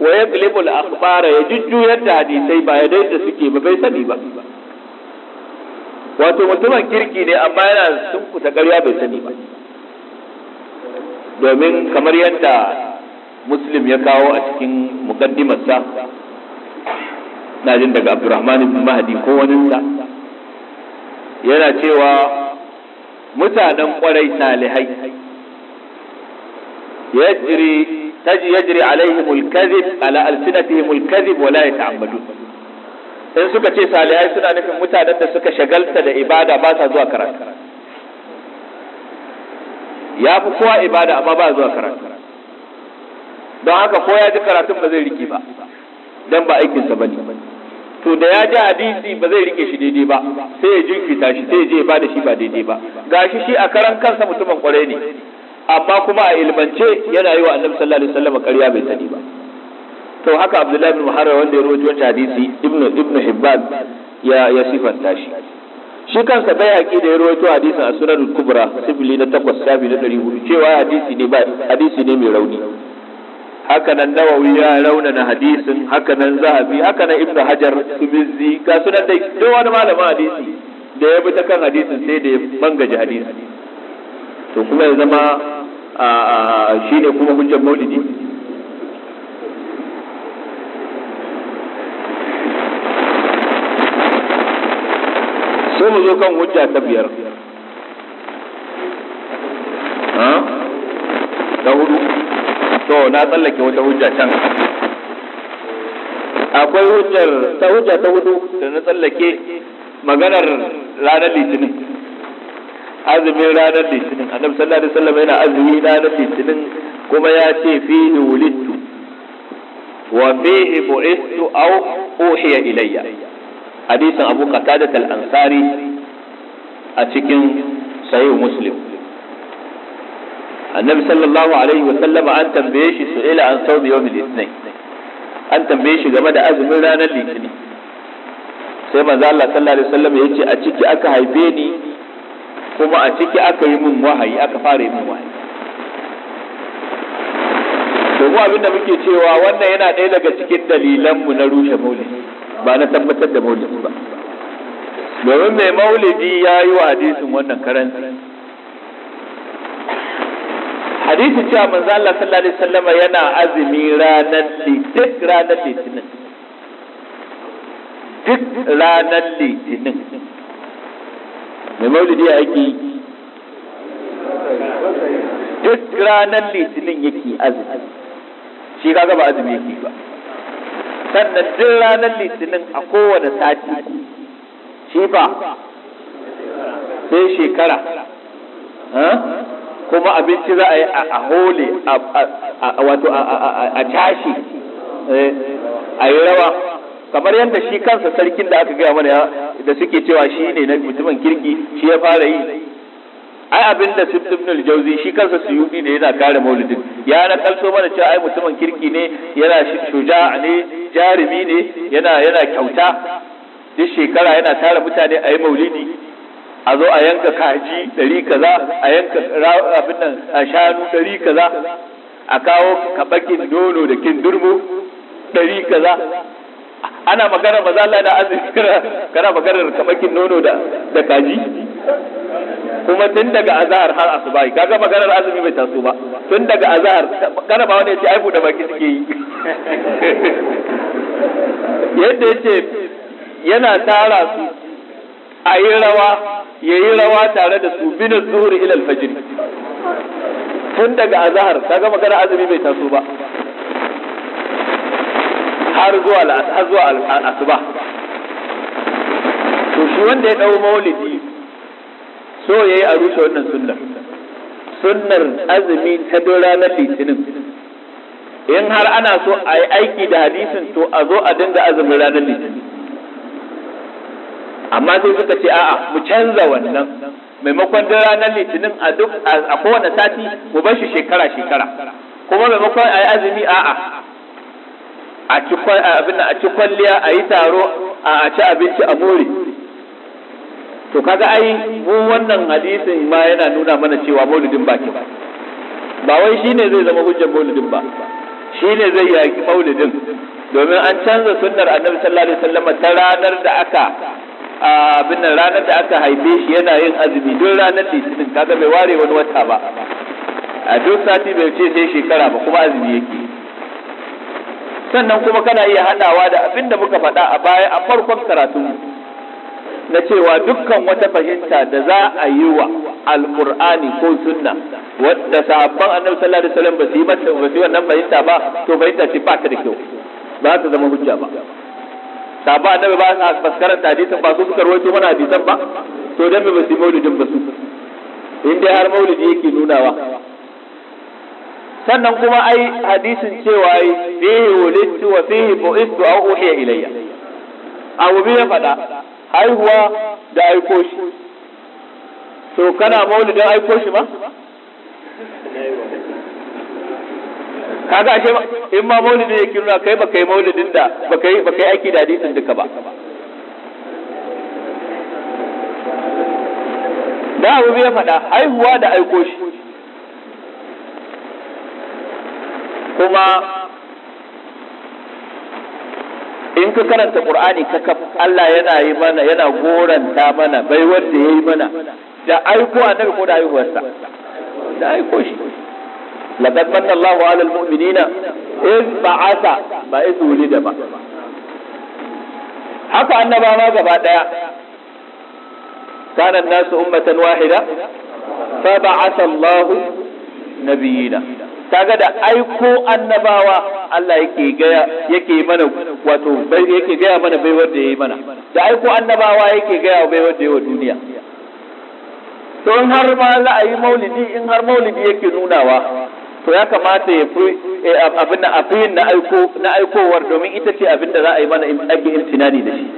wa yaglibu al-akhbara ya jujjuyar da hadisai ba ya da suke ba bai sani ba wato mutumin kirki ne amma yana sunkuta ƙarya bai sani ba domin kamar yadda muslim ya kawo a cikin muqaddimarsa na jin daga Abdurrahman ibn Mahdi ko waninsa yana cewa mutanen kwarai salihai yajri taji yajri alaihim alkadhib ala alsinatihim alkadhib wala yata'ammadu in suka ce salihai suna nufin mutanen da suka shagalta da ibada ba sa zuwa karatu ya fi kowa ibada amma ba zuwa karatu don haka ko ya ji karatun ba zai riki ba dan ba aikinsa bane to da ya ji hadisi ba zai rike shi daidai ba sai ya jinkita shi sai ya je ba da shi ba daidai ba gashi shi a karan kansa mutumin kwarai ne amma kuma a ilmance yana yi wa annabi sallallahu alaihi wasallam ƙarya bai sani ba to haka abdullahi ibn muharrar wanda ya rubuta wannan hadisi ibnu ibnu hibban ya ya sifanta shi shi kansa bai haƙi da ya rawaito hadisin a sunan kubra sibili na takwas shafi na ɗari cewa hadisi ne ba hadisi ne mai rauni hakanan nawawi ya na hadisin hakanan zahabi hakanan ibnu hajar sumizi ga sunan dai duk wani malamin hadisi da ya bi ta kan hadisin sai da ya bangaje hadisi to kuma ya zama shi ne kuma hujjar maulidi sai mu zo kan hujja ta biyar ta hudu to na tsallake wata hujja can akwai hujjar ta hujja ta hudu da na tsallake maganar ranar litinin azumin ranar litinin annabi sallallahu alaihi wasallam yana azumi ranar litinin kuma ya ce fihi wulittu wa fihi bu'istu aw uhiya ilayya hadisin abu qatada al-ansari a cikin sahih muslim annabi sallallahu alaihi wa sallama an tambaye shi su ila an sawmi yawmil ithnain an tambaye shi game da azumin ranar litinin sai manzo Allah sallallahu alaihi wasallam ce a ciki aka haife ni kuma a ciki aka yi min wahayi aka fara yi min wahayi To mu abinda muke cewa wannan yana ɗaya daga cikin dalilanmu na rushe maulid ba na tabbatar da maulid ba domin mai maulidi ya yi wa hadisin wannan karanci hadisi cewa manzo Allah sallallahu alaihi wasallam yana azumi ranar duk ranar litinin duk ranar litinin mai maulidi ya yake duk ranar litinin yake azumi shi kaga ba azumi yake ba sannan duk ranar litinin a kowane sati shi ba sai shekara kuma abinci za a yi a hole wato a tashi eh, a yi rawa kamar yadda shi kansa sarkin da aka gaya mana da suke cewa shi ne na mutumin kirki shi ya fara yi ai abin da ibn jauzi shi kansa suyudi ne yana kare maulidin ya na kalso mana cewa ai mutumin kirki ne yana shuja ne jarumi ne yana yana kyauta duk shekara yana tara mutane a yi maulidi a zo a yanka kaji ɗari kaza a yanka abin nan a shanu ɗari kaza a kawo kaɓakin nono da kin durmo ɗari kaza ana magana maza Allah da azikira kana maganar kaɓakin nono da kaji kuma tun daga azahar har asuba kaga maganar azumi bai taso ba tun daga azahar kana ba wani ya ce ai buɗe baki suke yi (laughs) yadda yake yana tara su a yi rawa ya rawa tare da su binin zuhuri ilal fajiri tun daga azahar kaga magana azumi bai taso ba har zuwa zuwa asuba to shi wanda ya dawo maulidi so yayi a rushe wannan sunnar sunnar azumi ta don ranar litinin in har ana so a yi aiki da hadisin to a zo a dinga azumin ranar litinin amma sai suka ce a'a mu canza wannan maimakon da ranar litinin a duk a kowane sati mu bar shi shekara shekara kuma maimakon a yi azumi a'a a ci abin a ci kwalliya a yi taro a ci abinci a more to kaga ai mu wannan hadisin ma yana nuna mana cewa maulidin ba ba ba wai shine zai zama hujjar maulidin ba shine zai yaki maulidin domin an canza sunnar annabi sallallahu alaihi wasallam ta ranar da aka a binnan ranar da aka haife shi yana yin azumi don ranar litinin kaga bai ware wani wata ba a duk sati bai ce sai shekara ba kuma azumi yake sannan kuma kana iya haɗawa da abin da muka faɗa a baya a farkon karatu na cewa dukkan wata fahimta da za a yi wa alƙur'ani ko sunna wadda sahabban annabi sallallahu alaihi wasallam ba su yi wannan fahimta ba to fahimta ce ba ta da kyau ba ta zama hujja ba Da ba annabi ba sa faskarar hadisin ba su suka rawaito mana hadisan ba to dan me ba su maulidin ba su in dai har maulidi yake nunawa sannan kuma ai hadisin cewa fihi wulidtu wa fihi bu'istu aw uhiya ilayya abu ya faɗa haihuwa da aiko shi to kana maulidin aiko shi ma kaga ashe in ma maulidi yake nuna kai baka yi maulidin da baka yi baka yi aiki da hadisin duka ba da abu ya faɗa haihuwa da aiko shi kuma in ka karanta qur'ani ka kaf Allah yana yi mana yana goranta mana bai wanda yayi mana da aiko annabi ko da haihuwarsa da aiko shi لقد من Allahu على mu'minina إذ ba'atha ba إذ ولد ما haka annabawa gaba daya كان الناس ummatan wahida فبعث الله نبينا kaga da aiko annabawa Allah yake gaya yake mana wato yake gaya mana bai da yayi mana da aiko annabawa yake gaya bai da yayi duniya to har ma za maulidi in har maulidi yake nunawa to ya kamata ya fi eh, abin na afiyin na aikowar domin ita ce abin da za a yi mana ake imtinani da shi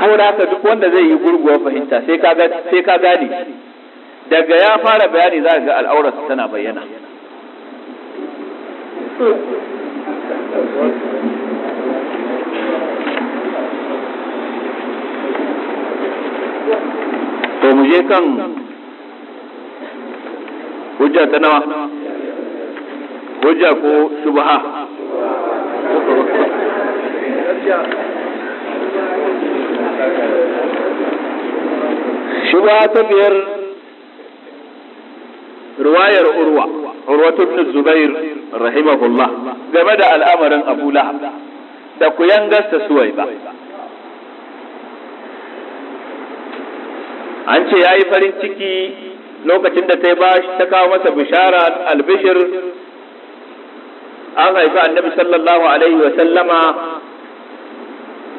saboda haka duk wanda zai yi gurguwar fahimta sai ka gane daga ya fara bayani za ga al'aurarsa tana bayyana to mu je kan hujja ta nawa hujja ko shubha shubha ta biyar ruwayar urwa urwatu ibn zubair rahimahullah game da al'amarin abu lahab da ku yangarsa suwai ba an ce ya yi farin ciki lokacin da ta ba ta kawo masa bishara albishir an haifi annabi sallallahu alaihi wa sallama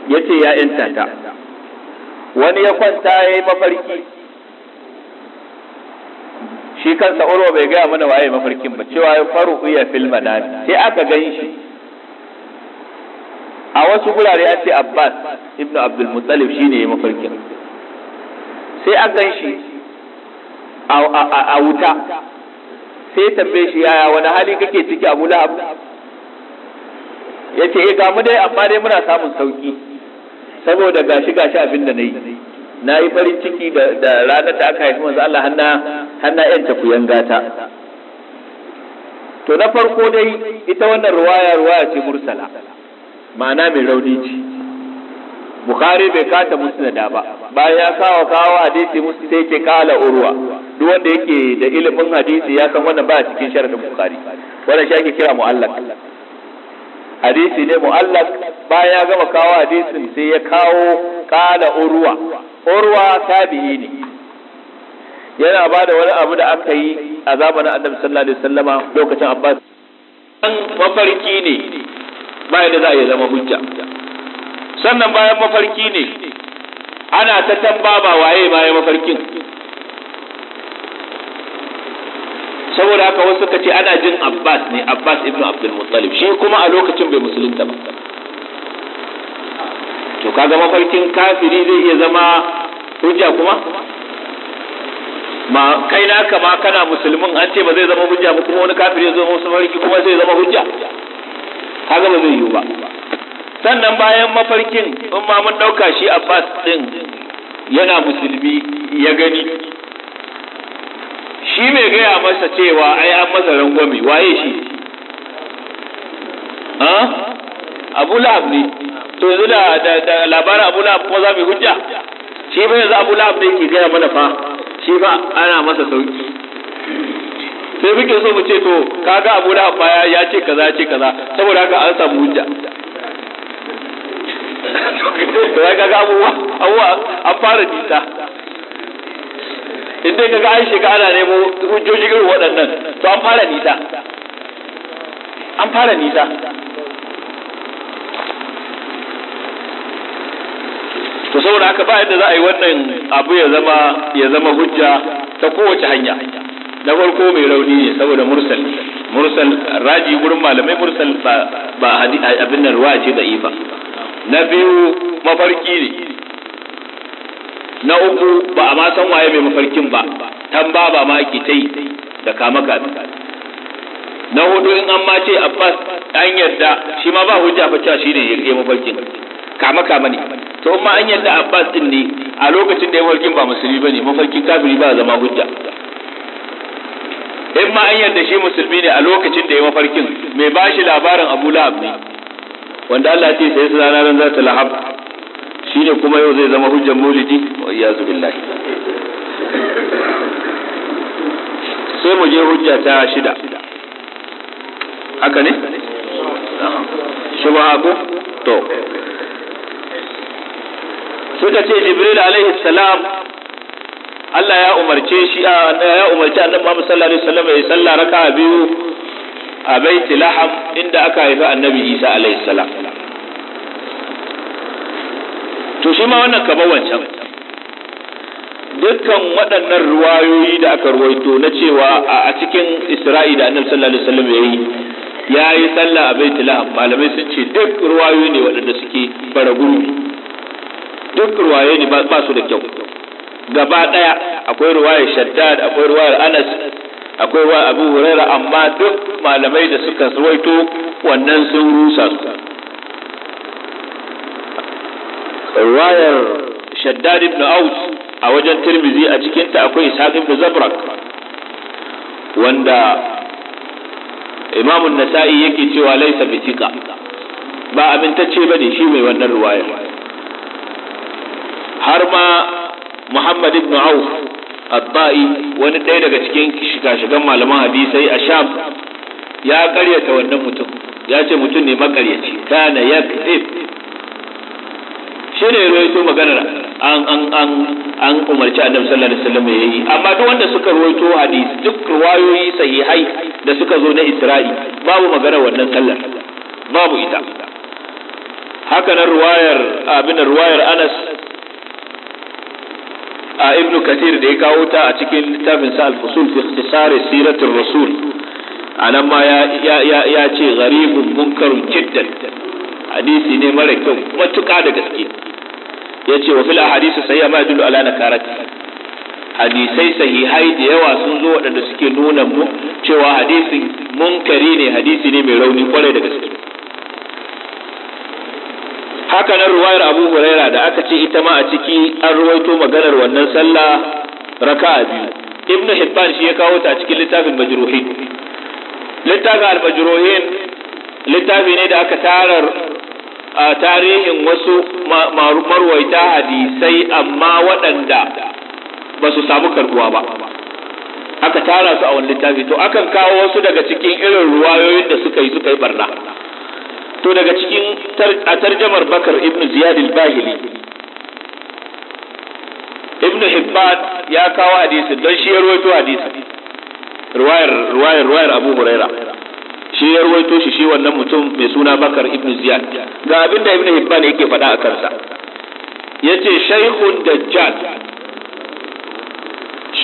ya ce ya ‘yanta wani ya kwanta ya yi mafarki shi kansa urwa bai gaya mana waye mafarkin ba cewa ya faru iya fil sai aka gan shi a wasu gurare ya ce abbas ibn abdul muttalib shine ya mafarkin sai aka gan shi a wuta sai ya tambaye shi yaya wani hali kake ciki abu lahab ya ce eh, ga mu dai amma dai muna samun sauki saboda gashi gashi abin da na yi na yi farin ciki da ranar da aka haifi manzo Allah hanna hanna yanta kuyan gata to na farko dai ita wannan ruwaya ruwaya ce mursala ma'ana mai rauni ce bukhari bai kata musnada ba bayan ya kawo kawo hadisi musu sai ke kala urwa duk wanda yake da ilimin hadisi ya san wannan ba cikin sharh bukhari wannan shi ake kira mu'allaq hadisi ne mu'allaq bayan ya gama kawo hadisin sai ya kawo kala urwa urwa tabi'i ne yana ba da wani abu da aka yi a zamanin annabi sallallahu alaihi wasallama lokacin abbas an mafarki ne ba da za a zama hujja sannan bayan mafarki ne ana ta tambaba waye bayan mafarkin saboda haka wasu suka ce ana jin Abbas ne Abbas ibn Abdul Muttalib shi kuma a lokacin bai musulunta ba to kaga mafarkin kafiri zai iya zama hujja kuma ma kai naka ma kana musulmin an ce ba zai zama hujja ba kuma wani kafiri ya zama musulmi kuma zai zama hujja kaga ba zai yiwu ba sannan bayan mafarkin in ma mun ɗauka shi Abbas ɗin yana musulmi ya gani shi mai gaya masa cewa ai an masa rangwami, waye shi Abu Lahab ne to yanzu da labarin Abu Lahab kuma za mu hujja shi ba yanzu Abu Lahab ne ke gaya mana fa shi fa ana masa sauki sai muke so mu ce to kaga Abu Lahab ya ce kaza ya ce kaza saboda haka an samu hujja to kaga abubuwa abubuwa an fara nisa in ka ga an shiga ana nemo hujjoji irin waɗannan to an fara nisa an fara nisa to saboda haka ba yadda za a yi wannan abu ya zama ya zama hujja ta kowace hanya na farko mai rauni ne saboda mursal mursal raji gurin malamai mursal ba abin nan ruwa ce da ifa na biyu mafarki ne na uku ba a ma san waye mai mafarkin ba tan ba ba ma ake ta yi da kama kame na hudu in an ma ce abbas an yarda shi ma ba hujja fa cewa shine ya mafarkin kama kama ne to ma an yarda abbas din ne a lokacin da ya mafarkin ba musulmi bane mafarkin kafiri ba zama hujja in ma an yarda shi musulmi ne a lokacin da ya mafarkin mai bashi labarin abu la'ab ne wanda Allah ce sai rana ran za ta lahab shi ne kuma yau zai zama hujjar mulidi wa iyazu lahi sai mu je hujja ta shida haka ne shubha ko to suka ce jibril alaihi salam Allah ya umarce shi ya umarci annabi Muhammad sallallahu alaihi wasallam ya sallara raka'a biyu a baiti laham inda aka haifi annabi isa alaihi salam to shi ma wannan kaba wancan dukkan waɗannan ruwayoyi da aka ruwaito na cewa a cikin isra'i da annabi sallallahu alaihi wasallam yayi ya yi sallah a baiti laham malamai sun ce duk ruwayoyi ne waɗanda suke bara gurbi duk ruwayoyi ne ba su da kyau gaba ɗaya akwai ruwayar shaddad akwai ruwayar anas akwai wa abu huraira amma duk malamai da suka ruwaito wannan sun rusa su riwayar shaddad ibn aus a wajen tirmizi a cikinta akwai ishaq ibn zabrak wanda imamun nasa'i yake cewa laisa bitika ba amintacce ne shi mai wannan ruwayar. har ma muhammad ibn auf atba'i wani ɗaya daga cikin shiga-shigan malaman hadisai a sham ya ƙaryata wannan mutum ya ce mutum ne makaryaci kana ya shi ne rawaito maganar an an an an umarci annabi sallallahu alaihi wasallam yayi amma duk wanda suka rawaito hadisi duk riwayoyi sahihai da suka zo na isra'i babu maganar wannan sallar babu ita haka nan ruwayar abin ruwayar anas a ibn kathir da ya kawo ta a cikin littafin sa al-fusul fi ikhtisar siratir rasul anan ma ya ya ya ce gharibun munkarun jiddan hadisi ne mara kyau matuƙa da gaske yace wa fil ahadith sayya ma yadullu ala nakarati hadisai sahihai da yawa sun zo waɗanda suke nuna mu cewa hadisin munkari ne hadisi ne mai rauni kwarai da gaske haka nan ruwayar abu huraira da aka ce ita ma a ciki an ruwaito maganar wannan sallah raka'a biyu ibnu hibban shi ya kawo ta a cikin littafin majruhin littafin al-majruhin littafi ne da aka tarar a tarihin wasu marwaita hadisai amma waɗanda ba su samu karbuwa ba aka tara su a wani littafi to akan kawo wasu daga cikin irin ruwayoyin da suka yi suka yi barna to daga cikin a tarjamar bakar ibn ziyad al-bahili ibn hibban ya kawo hadisi don shi ya rawaito hadisi ruwayar ruwayar ruwayar abu huraira shi ya rawaito shi shi wannan mutum mai suna bakar ibn ziyad ga abin da ibn hibban yake faɗa a kansa yace shaykhun dajjal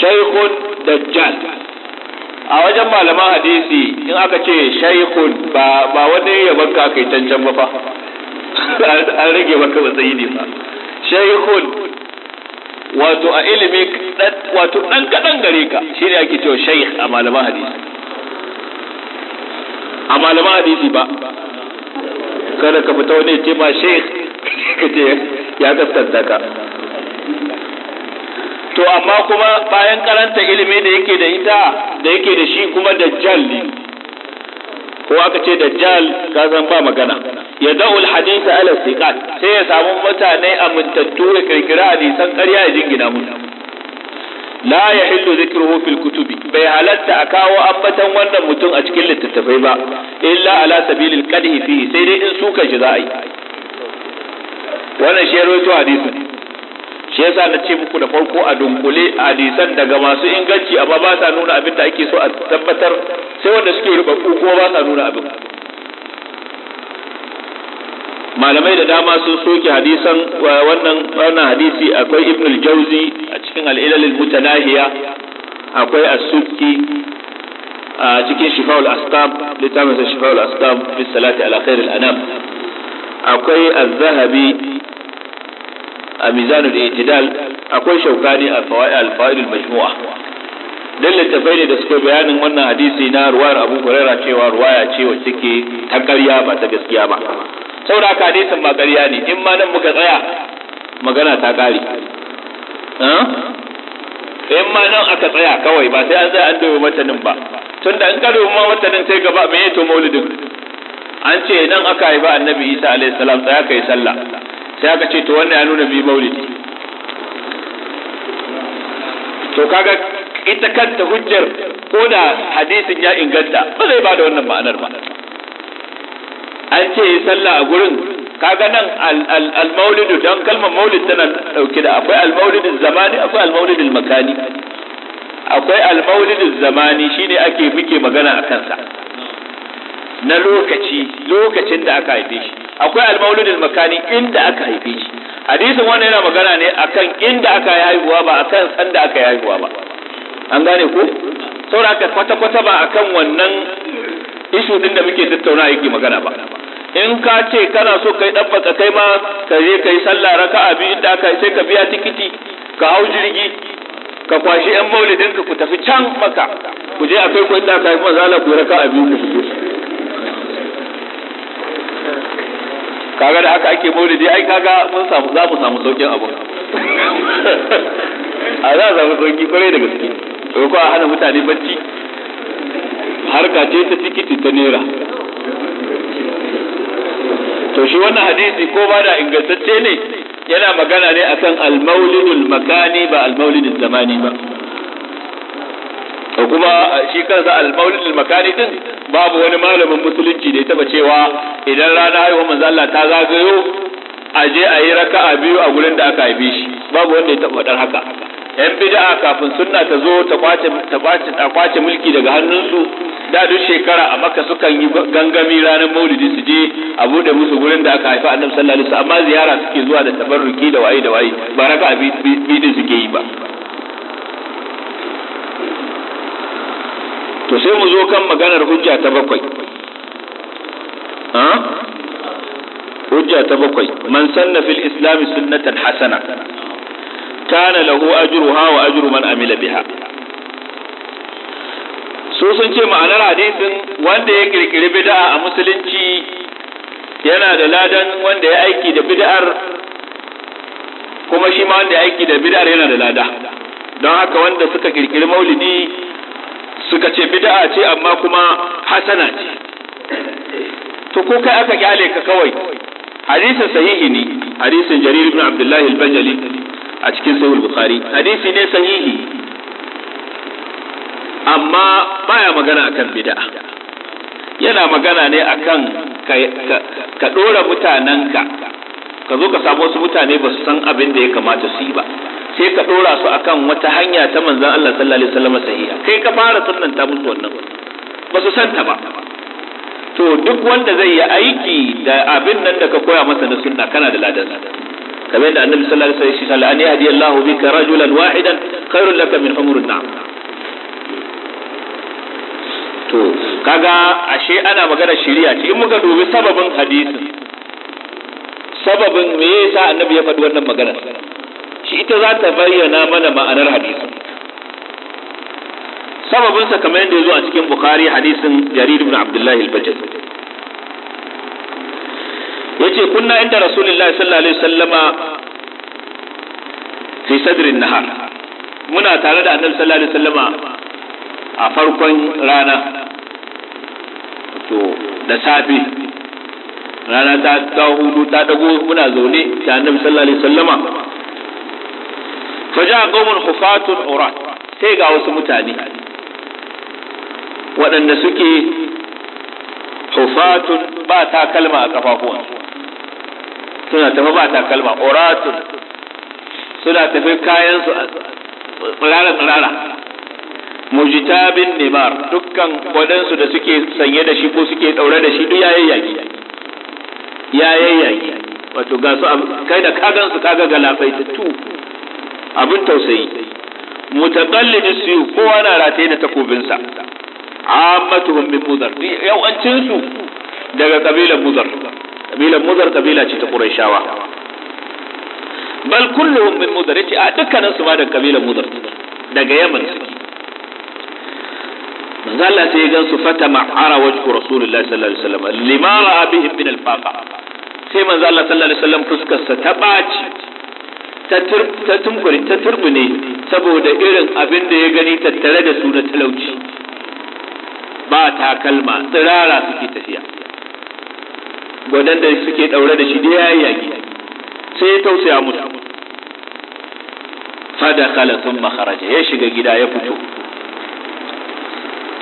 shaykhun dajjal a wajen malaman hadisi in aka ce shaykhun ba ba wani yaban ka kai cancan ba fa an rage maka matsayi ne fa shaykhun wato a ilimi wato dan kadan gare ka shi ne ake cewa shaykh a malaman hadisi a malaman hadisi ba kada ka fita wani ce ma shaykh ka ce ya gaskanta ka to amma kuma bayan karanta ilimi da yake da ita da yake da shi kuma dajjal ne ko aka ce dajjal ka san ba magana ya da'ul hadisa ala siqat sai ya samu mutane amintattu ya kirkira hadisan ƙarya ya jingina mu la yahillu dhikruhu fil kutubi bai halatta a kawo ambatan wannan mutum a cikin littattafai ba illa ala sabilil qadhi fi sai dai in suka shi za yi wannan shi ya rawaito hadisin shi yasa na ce muku da farko a dunkule hadisan daga masu inganci amma ba sa nuna abin da ake so a tabbatar sai wanda suke rubabbu kuma ba sa nuna abin malamai da dama sun soke hadisan wannan wannan hadisi akwai ibn al-jawzi a cikin al-ilal al-mutanahiya akwai as a cikin shifa'ul asqam littafin shifa'ul asqam fi salati ala khair al-anam akwai az-zahabi a mizanu da i'tidal akwai shaukani a fawai al majmu'a dan littafai ne da suke bayanin wannan hadisi na ruwayar Abu Huraira cewa ruwaya ce wacce take ta ƙarya ba ta gaskiya ba saboda haka hadisin ba ƙarya ne in ma nan muka tsaya magana ta ƙare in ma nan aka tsaya kawai ba sai an tsaya an dubi matanin ba tunda in ka dubi ma matanin sai gaba me to maulidin an ce nan aka haifa annabi Isa alaihi salam tsaya kai sallah sai aka ce to wannan ya nuna bi maulidi to kaga ita kanta hujjar ko da hadisin ya inganta ba zai bada wannan ma'anar ba an ce yi sallah a gurin kaga nan al-maulidu don kalmar maulid tana dauke da akwai al-maulidin zamani akwai al-maulidin makani akwai al-maulidin zamani shine ake muke magana a kansa na lokaci lokacin da aka haife shi akwai almaulidul makani inda aka haife shi hadisin wannan yana magana ne akan inda aka haihuwa ba akan sanda aka haihuwa ba an gane ko saboda kwata kwata ba akan wannan isu din da muke tattauna yake magana ba in ka ce kana so kai dan baka kai ma ka je kai sallah raka'a biyu inda aka sai ka biya tikiti ka hau jirgi ka kwashi yan maulidin ka ku tafi can maka ku je akai ko inda aka yi manzala ku raka'a biyu ku fito kaga da aka ake dai ai kaga mun samu za mu samu saukin abu a za samu sauki kwarai da gaske to ko a hana mutane bacci harka ce ta tikiti ta nera to shi wannan hadisi ko ba da ingantacce ne yana magana ne akan al-maulidul makani ba al-maulidul zamani ba da kuma shi kansa al-maulidul makani din babu wani malamin musulunci da ya taba cewa idan rana haihuwar manzo Allah ta zagayo a je a yi raka'a biyu a gurin da aka haife shi babu wanda ya taba dan haka yan bid'a kafin sunna ta zo ta kwace ta kwace ta kwace mulki daga hannunsu da duk shekara a Makka sukan yi gangami ranar Maulidi su je a bude musu gurin da aka haifa Annabi sallallahu alaihi wasallam amma ziyara suke zuwa da tabarruki da waye da waye ba raka'a biyu suke yi ba to sai mu zo kan maganar hujja ta bakwai hujja ta bakwai man sanna fil islam sunnatan hasana kana lahu ajruha wa ajru man amila biha so sun ce ma'anar hadisin wanda ya kirkiri bid'a a musulunci yana da ladan wanda ya aiki da bid'ar kuma shi ma wanda ya aiki da bid'ar yana da lada don haka wanda suka kirkiri maulidi suka ce bid'a ce amma kuma hasana ce to ko kai aka kyale ka kawai hadisin sahihi ne hadisin jarir ibn abdullahi al-bajali a cikin sahih bukhari hadisi ne sahihi amma baya magana akan bid'a yana magana ne akan ka dora mutanenka ka zo ka samu wasu mutane ba su san abin da ya kamata su yi ba sai ka ɗora su akan wata hanya ta manzan Allah sallallahu alaihi wasallam sahiha kai ka fara sunnanta musu wannan ba su santa ba to duk wanda zai yi aiki da abin nan da ka koya masa na sunna kana da ladan kamar da annabi sallallahu alaihi wasallam ya ce sallallahu Allahu bika rajulan wahidan khairul laka min umrun na'am to kaga ashe ana magana shari'a ce in muka dubi sababin hadisin sababin me yasa annabi ya faɗi wannan magana shi ita za ta bayyana mana ma'anar hadisin sababin sa kamar yadda ya zo a cikin bukhari hadisin jarir ibn abdullahi al-bajaz yace kunna inda rasulullahi sallallahu alaihi wasallama fi sadrin nahar muna tare da annabi sallallahu alaihi wasallama a farkon rana to da safe rana ta kawo hudu ta dago muna zaune ta annabi sallallahu alaihi wasallama ja qaumun hufatun urat sai ga wasu mutane waɗanda suke hufatun ba ta kalma a kafafuwansu suna tafi ba ta kalma uratun suna tafi kayan su tsirara tsirara mujitabin nimar dukkan waɗansu da suke sanye da shi ko suke ɗaure da shi duk yayi yaki ya yayyage wato ga su kai da ka gansu ta tu abin tausayi mutaqallid su kowa ana rataye da sa ammatuhum min mudar yawancin su daga kabilan mudar kabilan mudar kabila ce ta quraishawa bal kulluhum min mudar ce a dukkanin su ma daga kabilan mudar daga yaman suke manzo Allah sai ya gansu fata ma'ara wajhu rasulullahi sallallahu alaihi wasallam lima ra'a bihim min al-faqa sai manzo Allah sallallahu alaihi wasallam fuskar sa ta baci ta tunkuri ta turbune saboda irin abin da ya gani tattare da su na talauci ba takalma tsirara suke tafiya gwadon da suke daure da shi da yayi yaki sai ya tausaya musu fada kala sun makaraja ya shiga gida ya fito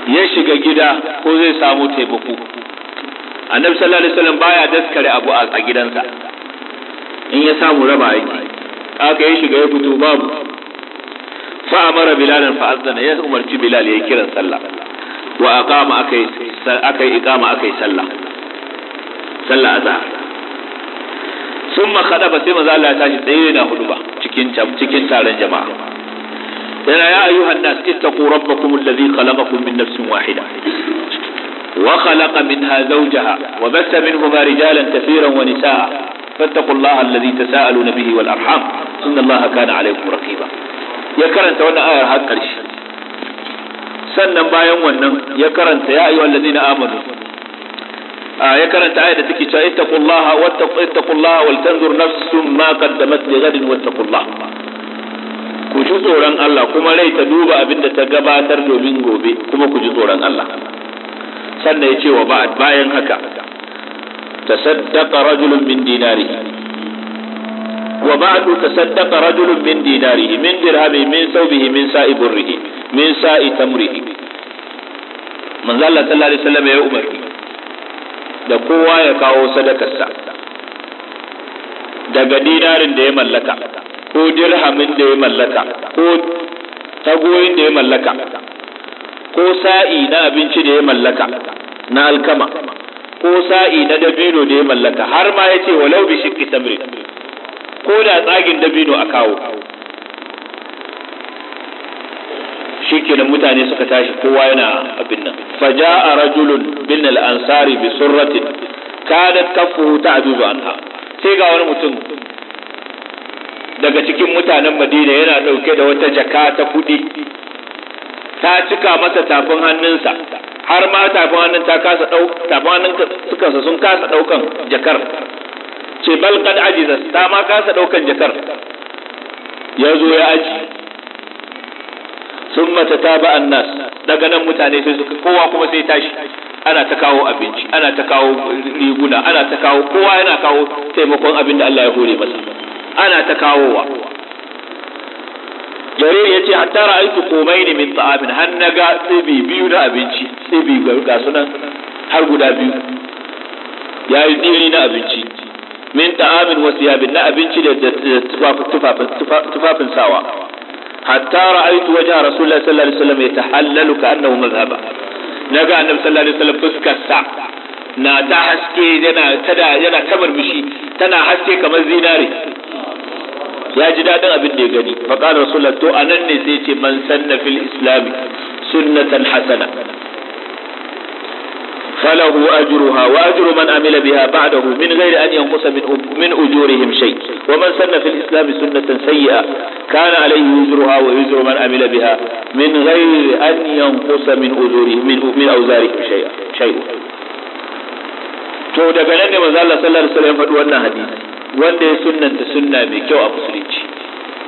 ya shiga gida ko zai samu taimako annabi sallallahu alaihi wasallam baya daskare abu a gidansa in ya samu raba yake aka ya shiga ya fito babu fa amara bilal fa azana ya umarci bilal ya kiran sallah wa aqama akai akai iqama akai sallah sallah azhar summa khadaba sai manzo Allah ya tashi tsaye da huduba cikin cikin taron jama'a يا أيها الناس اتقوا ربكم الذي خلقكم من نفس واحدة وخلق منها زوجها وبس منهما رجالا كثيرا ونساء فاتقوا الله الذي تساءلون به والأرحام إن الله كان عليكم رقيبا يا كرنت وانا آية هاد قريش سنة بايا وانا يا كرنت يا أيها الذين آمنوا آه يا كرنت آية تكي اتقوا الله واتقوا اتقوا الله ولتنظر نفس ما قدمت لغد واتقوا الله ku ji tsoron Allah kuma rai ta duba abin da ta gabatar domin gobe kuma ku ji tsoron Allah sannan ya ce wa ba'ad bayan haka ta saddaka rajulun min dinari wa ba'du saddaka rajulun min dinari min dirhami min saubihi min sa'i burrihi min sa'i tamrihi manzo Allah sallallahu alaihi wasallam ya umarni da kowa ya kawo sadakarsa daga dinarin da ya mallaka ko dirhamin da mallaka ko tagoyin da mallaka ko sa'i na abinci da ya mallaka na alkama ko sa'i na dabino da ya mallaka har ma ya ce walau bi shiqqi tamrin ko da tsagin dabino akawo kawo shikenan mutane suka tashi kowa yana abin nan faja'a rajulun bin al-ansari bi surratin kadat kaffuhu ta'juzu anha sai ga wani mutum daga cikin mutanen madina yana ɗauke da wata jaka ta kuɗi ta cika masa tafin hannunsa har ma tafin hannun ta kasa ɗau tafin hannun sukansa sun kasa ɗaukan jakar ce bal kad ajiza ta ma kasa ɗaukan jakar ya zo ya aji sun mata ta ba annas daga nan mutane sai suka kowa kuma sai tashi ana ta kawo abinci ana ta kawo riguna ana ta kawo kowa yana kawo taimakon abin da Allah ya hore masa ana ta kawowa jarir ya ce hatta ra'aitu komaini min ta'amin har na ga tsibi biyu na abinci tsibi ga sunan har guda biyu ya yi tsiri na abinci min ta'amin wasu yabin na abinci da tufafin sawa hatta ra'aitu wajen rasulullah sallallahu alaihi wasallam ya tahallalu ka annahu mazhaba na ga annabi sallallahu alaihi wasallam fuskar sa na ta haske yana tana yana ta murmushi tana haske kamar zinare ya ji dadin abin da ya gani fa qala rasulullah to anan ne sai ce man sanna fil islam sunnatan hasana فله أجرها وأجر من عمل بها بعده من غير أن ينقص من من أجورهم شيء ومن سن في الإسلام سنة سيئة كان عليه وزرها ووزر من عمل بها من غير أن ينقص من أجورهم من من أوزارهم شيئا شيئا to daga nan ne manzo Allah sallallahu alaihi wasallam faɗi wannan hadisi wanda ya sunnanta sunna mai kyau a musulunci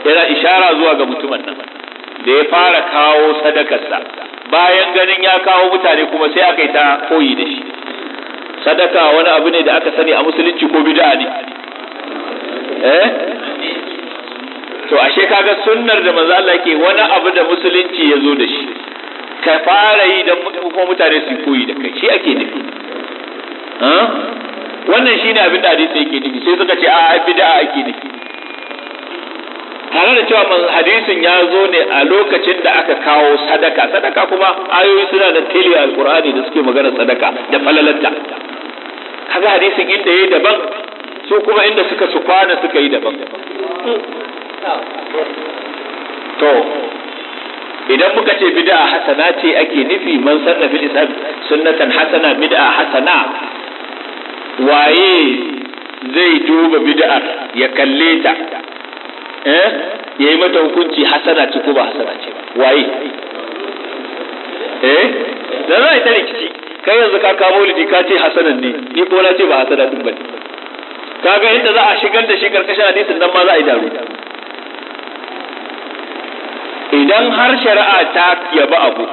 yana ishara zuwa ga mutumin nan da ya fara kawo sadakarsa bayan ganin ya kawo mutane kuma sai aka yi ta koyi da shi sadaka wani abu ne da aka sani a musulunci ko bid'a ne eh to ashe kaga sunnar da manzo Allah yake wani abu da musulunci ya zo da shi ka fara yi da kuma mutane su koyi da kai shi ake nufi wannan shine abin da hadisi yake nufi sai suka ce a bid'a ake nufi tare da cewa hadisin ya zo ne a lokacin da aka kawo sadaka sadaka kuma ayoyi suna da tili alqur'ani da suke magana sadaka da falalanta kaga hadisin inda yayi daban su kuma inda suka su kwana suka yi daban to idan muka ce bid'a hasana ce ake nufi man sanna fil islam sunnatan hasana bid'a hasana waye zai duba bid'ar ya kalle ta eh ya yi mata hukunci hasana ce ko ba hasana ce ba waye eh da za ta rikici kai yanzu ka kamo lidi ka ce hasanan ne ni ko na ce ba hasana din bane kaga yadda za a shigar da shi karkashin hadisin nan ma za a yi daro idan har shari'a ta yaba abu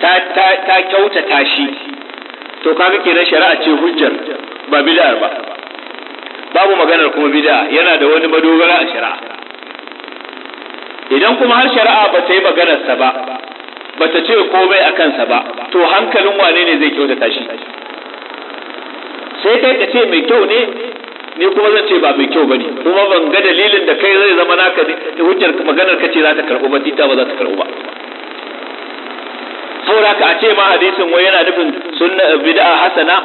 ta kyautata shi to kaga kenan shari'a ce hujjar ba bid'a ba babu maganar kuma bid'a yana da wani madogara a shari'a idan kuma har shari'a ba ta yi maganarsa ba ba ta ce komai a kansa ba to hankalin wane ne zai kyautata shi sai kai ka ce mai kyau ne ni kuma zan ce ba mai kyau bane kuma ban ga dalilin da kai zai zama naka hujjar maganar ka ce za ta karɓo ba tita ba za ta karɓo ba saboda haka a ce ma hadisin wai yana nufin sunna bid'a hasana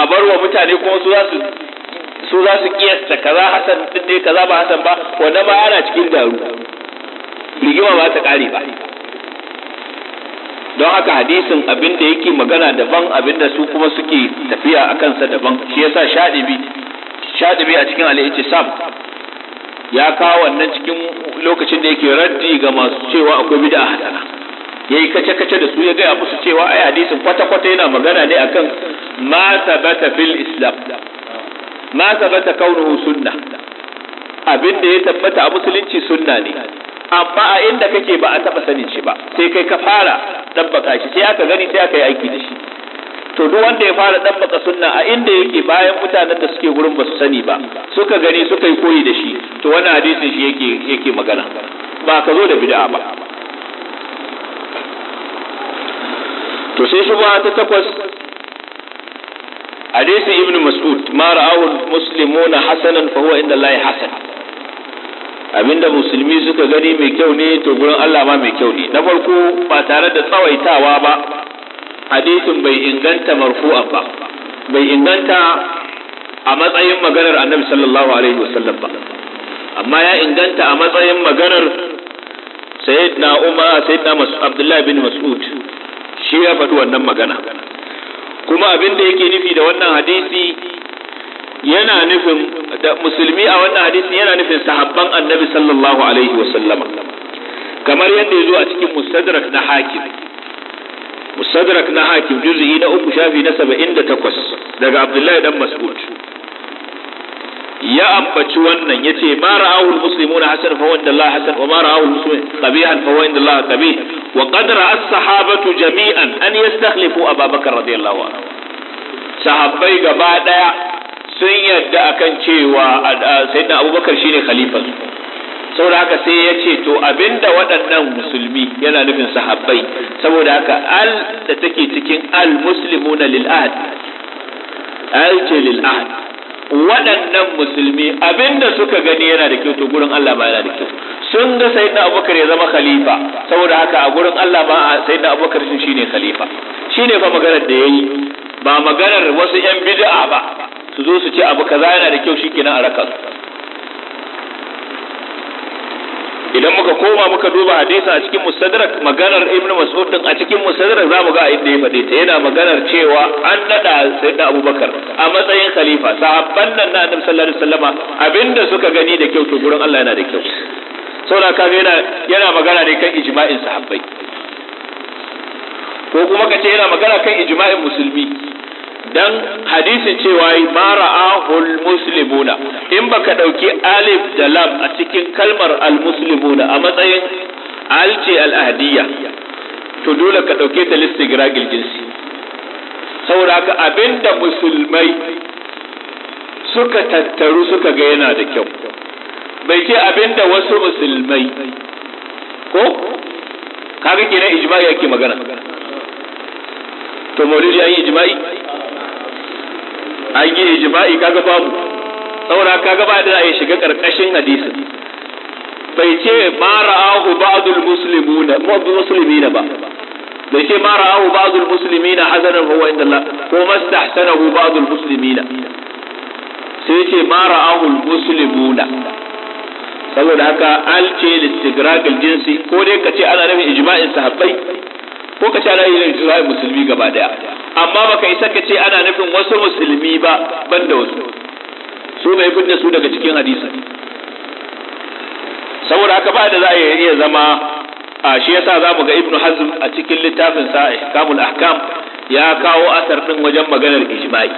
a bar wa mutane kuma su za su su za su kiyasta kaza hasan din ne kaza ba hasan ba wanda ba ana cikin daru rigima ba ta kare ba don haka hadisin abinda da yake magana daban abin da su kuma suke tafiya a kansa daban shi yasa shadibi shadibi a cikin alaihi sam ya kawo wannan cikin lokacin da yake raddi ga masu cewa akwai bid'a hasana ya yi kace-kace da su ya gaya musu cewa ai hadisin kwata-kwata yana magana ne akan ma sabata fil islam ma sabata kaunuhu sunna abin da ya tabbata a musulunci sunna ne amma a inda kake ba a taba sanin shi ba sai kai ka fara dabbaka shi sai aka gani sai aka yi aiki da shi to duk wanda ya fara dabbaka sunna a inda yake bayan mutanen da suke gurin basu sani ba suka gani suka yi koyi da shi to wannan hadisin shi yake yake magana ba ka zo da bid'a ba to sai shubha ta takwas hadisi ibnu mas'ud ma ra'ahu muslimuna hasanan fa huwa inda Allah hasan abinda musulmi suka gani mai kyau ne to gurin Allah ma mai kyau ne na farko ba tare da tsawaitawa ba hadisin bai inganta marfu'an ba bai inganta a matsayin maganar annabi sallallahu alaihi wasallam ba amma ya inganta a matsayin maganar sayyidina umar sayyidina abdullahi bin mas'ud shi ya faɗi wannan magana kuma abin da yake nufi da wannan hadisi yana nufin da musulmi a wannan hadisi yana nufin sahabban annabi sallallahu alaihi wa sallama kamar yadda ya zo a cikin mustadrak na hakim mustadrak na hakim juz'i na uku shafi na saba'in da takwas daga abdullahi dan mas'ud ya ambaci wannan yace ma ra'ahu almuslimuna hasan fa wanda Allah hasan wa ma ra'ahu almuslimun qabihan fa wanda Allah qabih wa qad ra'a as-sahabatu jami'an an yastakhlifu Abu Bakar radiyallahu anhu sahabbai gaba daya sun yadda akan cewa sayyidina Abubakar shine khalifansu saboda haka sai ya ce to abinda waɗannan musulmi yana nufin sahabbai saboda haka al da take cikin al muslimuna lil ahad al ce lil ahad waɗannan musulmi abinda suka gani yana da kyau to gurin Allah ba yana da kyau sun ga sayyidina Abubakar ya zama khalifa saboda haka a gurin Allah ma sayyidina Abubakar shi shine khalifa shine fa maganar da yayi ba maganar wasu yan bid'a ba su zo su ce abu kaza yana da kyau shi shikenan a raka idan muka koma muka duba hadisi a cikin mustadrak maganar ibn mas'ud din a cikin mustadrak zamu ga inda ya faɗe ta yana maganar cewa an nada sayyidina abubakar a matsayin khalifa sahabban nan na annabi sallallahu alaihi wasallama abinda suka gani da kyau to gurin Allah yana da kyau saboda ka yana yana magana ne kan ijma'in sahabbai ko kuma kace yana magana kan ijma'in musulmi dan hadisin cewa ahul muslimuna in baka dauki alif da lam a cikin kalmar al muslimuna a matsayin alce al ahdiya to dole ka dauke ta giragil jinsi saboda ka abinda musulmai suka tattaru suka ga yana da kyau bai ce abinda wasu musulmai ko kaga kenan ijma yake magana to maulidi an yi ijma'i an yi ijma'i kaga babu saboda kaga ba da za shiga karkashin hadisin bai ce ma ra'ahu ba'dul muslimuna muslimina ba bai ce ma ra'ahu ba'dul muslimina hazanan huwa inda Allah ko mastahsanahu ba'dul muslimina sai ce ma ra'ahu muslimuna saboda haka al ce listigraqil jinsi ko dai ka ce ana nufin ijma'in sahabbai ko ka tara yin ilaha musulmi gaba daya amma baka isa ka ce ana nufin wasu musulmi ba banda wasu su bai fidda su daga cikin hadisi saboda haka ba da za a iya zama a shi yasa za mu ga ibnu hazm a cikin littafin sa ihkamul ahkam ya kawo asar din wajen maganar ijma'i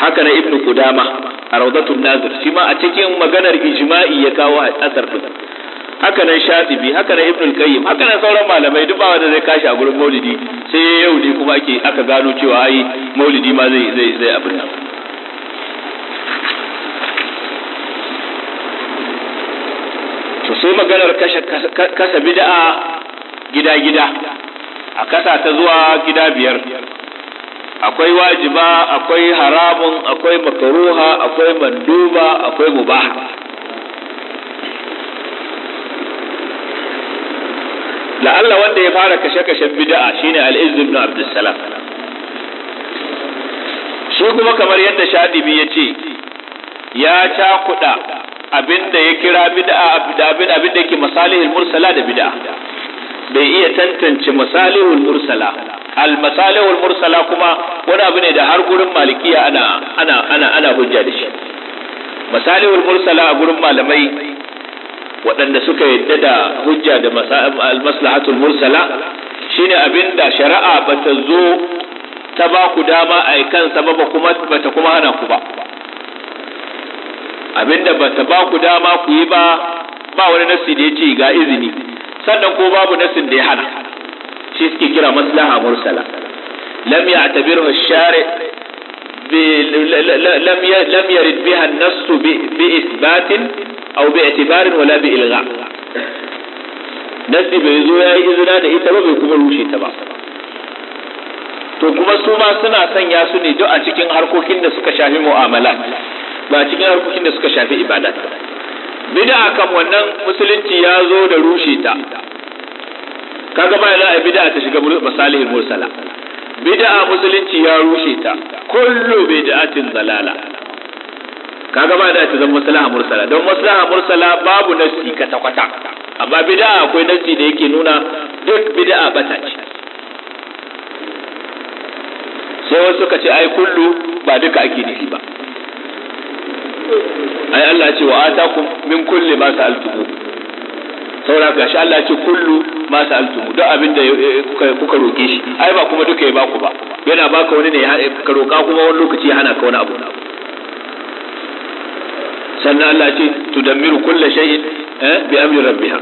haka na ibnu qudama a rawdatul nazir shi ma a cikin maganar ijma'i ya kawo asar din haka nan shatibi haka nan ibnul qayyim haka nan sauran malamai duk ba wanda zai kashi a gurin maulidi sai yau ne kuma ake aka gano cewa ai maulidi ma zai zai zai abin nan to sai maganar kashe kasa bid'a gida gida a kasa ta zuwa gida biyar akwai wajiba akwai haramun akwai makaruha akwai manduba akwai mubaha la'alla wanda ya fara kashe-kashen bid'a shine al-izz ibn abdussalam shi kuma kamar yadda shadibi ya ce ya cakuɗa abinda ya kira bid'a abin abinda yake masalihul mursala da bid'a bai iya tantance masalihul mursala al masalihul mursala kuma wani abu ne da har gurin malikiya ana ana ana ana hujja da shi masalihul mursala a gurin malamai waɗanda suka yadda da hujja da maslahatul mursala shine abin da shari'a bata zo ta ba ku dama a kansa ba kuma bata kuma hana ku ba Abinda bata ba ku dama ku yi ba ba wani nassi da ya ce ga izini sannan ko babu nassin da ya hana shi suke kira maslaha mursala lam ta ash-shari' لم يرد بها النص بإثبات أو باعتبار ولا بإلغاء نص bai zo ya yi izina da ita ba kuma rushe ta ba to kuma su ma suna sanya su ne duk a cikin harkokin da suka shafi mu'amala ba a cikin harkokin da suka shafi ibada bid'a kan wannan musulunci ya zo da rushe ta kaga ba za a bid'a ta shiga masalihin mursala bid'a musulunci ya rushe ta kullu bid'atin zalala kaga ba da ta zama maslaha mursala don maslaha mursala babu nasi kwata kwata amma bid'a akwai nasi da yake nuna duk bid'a bata ce sai wasu suka ce ai kullu ba duka ake nufi ba ai Allah ce wa atakum min kulli ma sa'altuhu saura gashi Allah ya ce kullu ma sa'altumu duk abin da kuka roke shi ai ba kuma duka ya baku ba yana baka wani ne ka roka kuma wani lokaci ya hana ka wani abu sannan Allah ya ce tudammiru kullu shay'in eh, bi amri rabbiha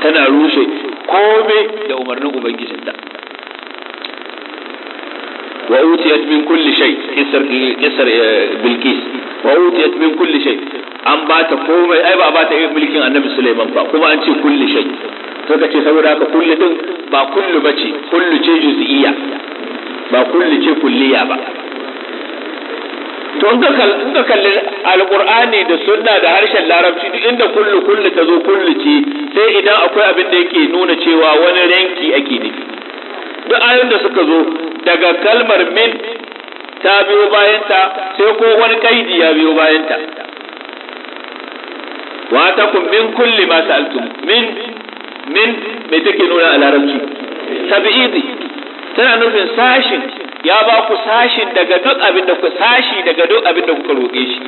tana rushe komai da umarnin ubangijinta وأوتيت من كل شيء كسر كسر آه، بالكيس وأوتيت من كل شيء أم بات كوما أي بابا تأي ملكين أنا مسلمان كوما أنت كل شيء تبقى تسوي راك كل دم با كل بشي كل شيء جزئية با كل شيء كلية با تونكال تونكال القرآن ده سنة ده هرش العرب شيء إن ده كل كل تزو كل شيء سيدنا أكو أبن ديكي نونا شيء وانا رينكي أكيد duk ayoyin da suka zo daga kalmar min ta biyo bayanta sai ko wani kaidi ya biyo bayanta wa ta kun min kulli ma sa'altum min min me take nuna a larabci tabi'idi tana nufin sashin ya ba ku sashin daga duk abin da ku sashi daga duk abin da kuka roƙe shi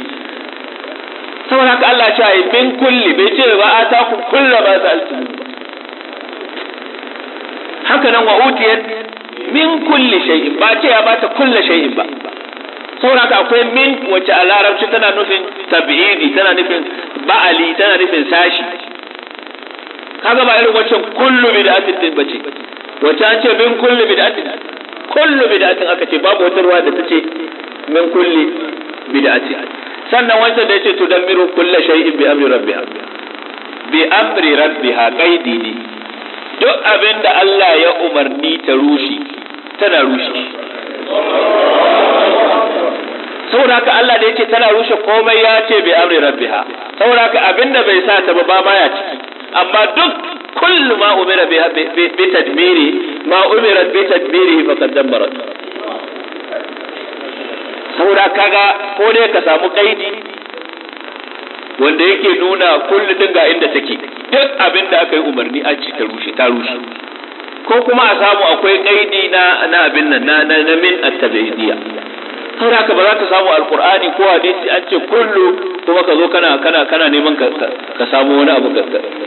saboda haka Allah ya ce min kulli bai ce ba a ta kun kullu ma sa'altum haka nan wa utiyat min kulli shay'in ba ce ya bata kulli shay'in ba saboda akwai min wacce a larabci tana nufin tabi'idi tana nufin ba'ali tana nufin sashi kaga ba irin wacce kullu bid'atin din bace wacce an ce min kulli bid'atin kullu bid'atin aka ce babu wata ruwa da tace min kulli bid'atin sannan wancan da yace tudammiru kulli shay'in bi amri rabbiha bi amri rabbiha qaidi duk abin da Allah ya umarni ta rushe tana rushe saboda haka Allah da yake tana rushe komai ya ce bai amri rabbiha saboda haka abinda bai sa ta ba ba ma ya ciki amma duk kullu ma umira bi tadmiri ma umira bi tadmiri fa qaddamat saboda kaga ko dai ka samu kaidi wanda yake nuna kullu din ga inda take duk abin da aka yi umarni a ci ta rushe ta rushe ko kuma a samu akwai kaidi na na abin nan na na min at-tabi'iyya har haka ba za ka samu alqur'ani ko hadisi an ce kullu kuma ka zo kana kana kana neman ka ka samu wani abu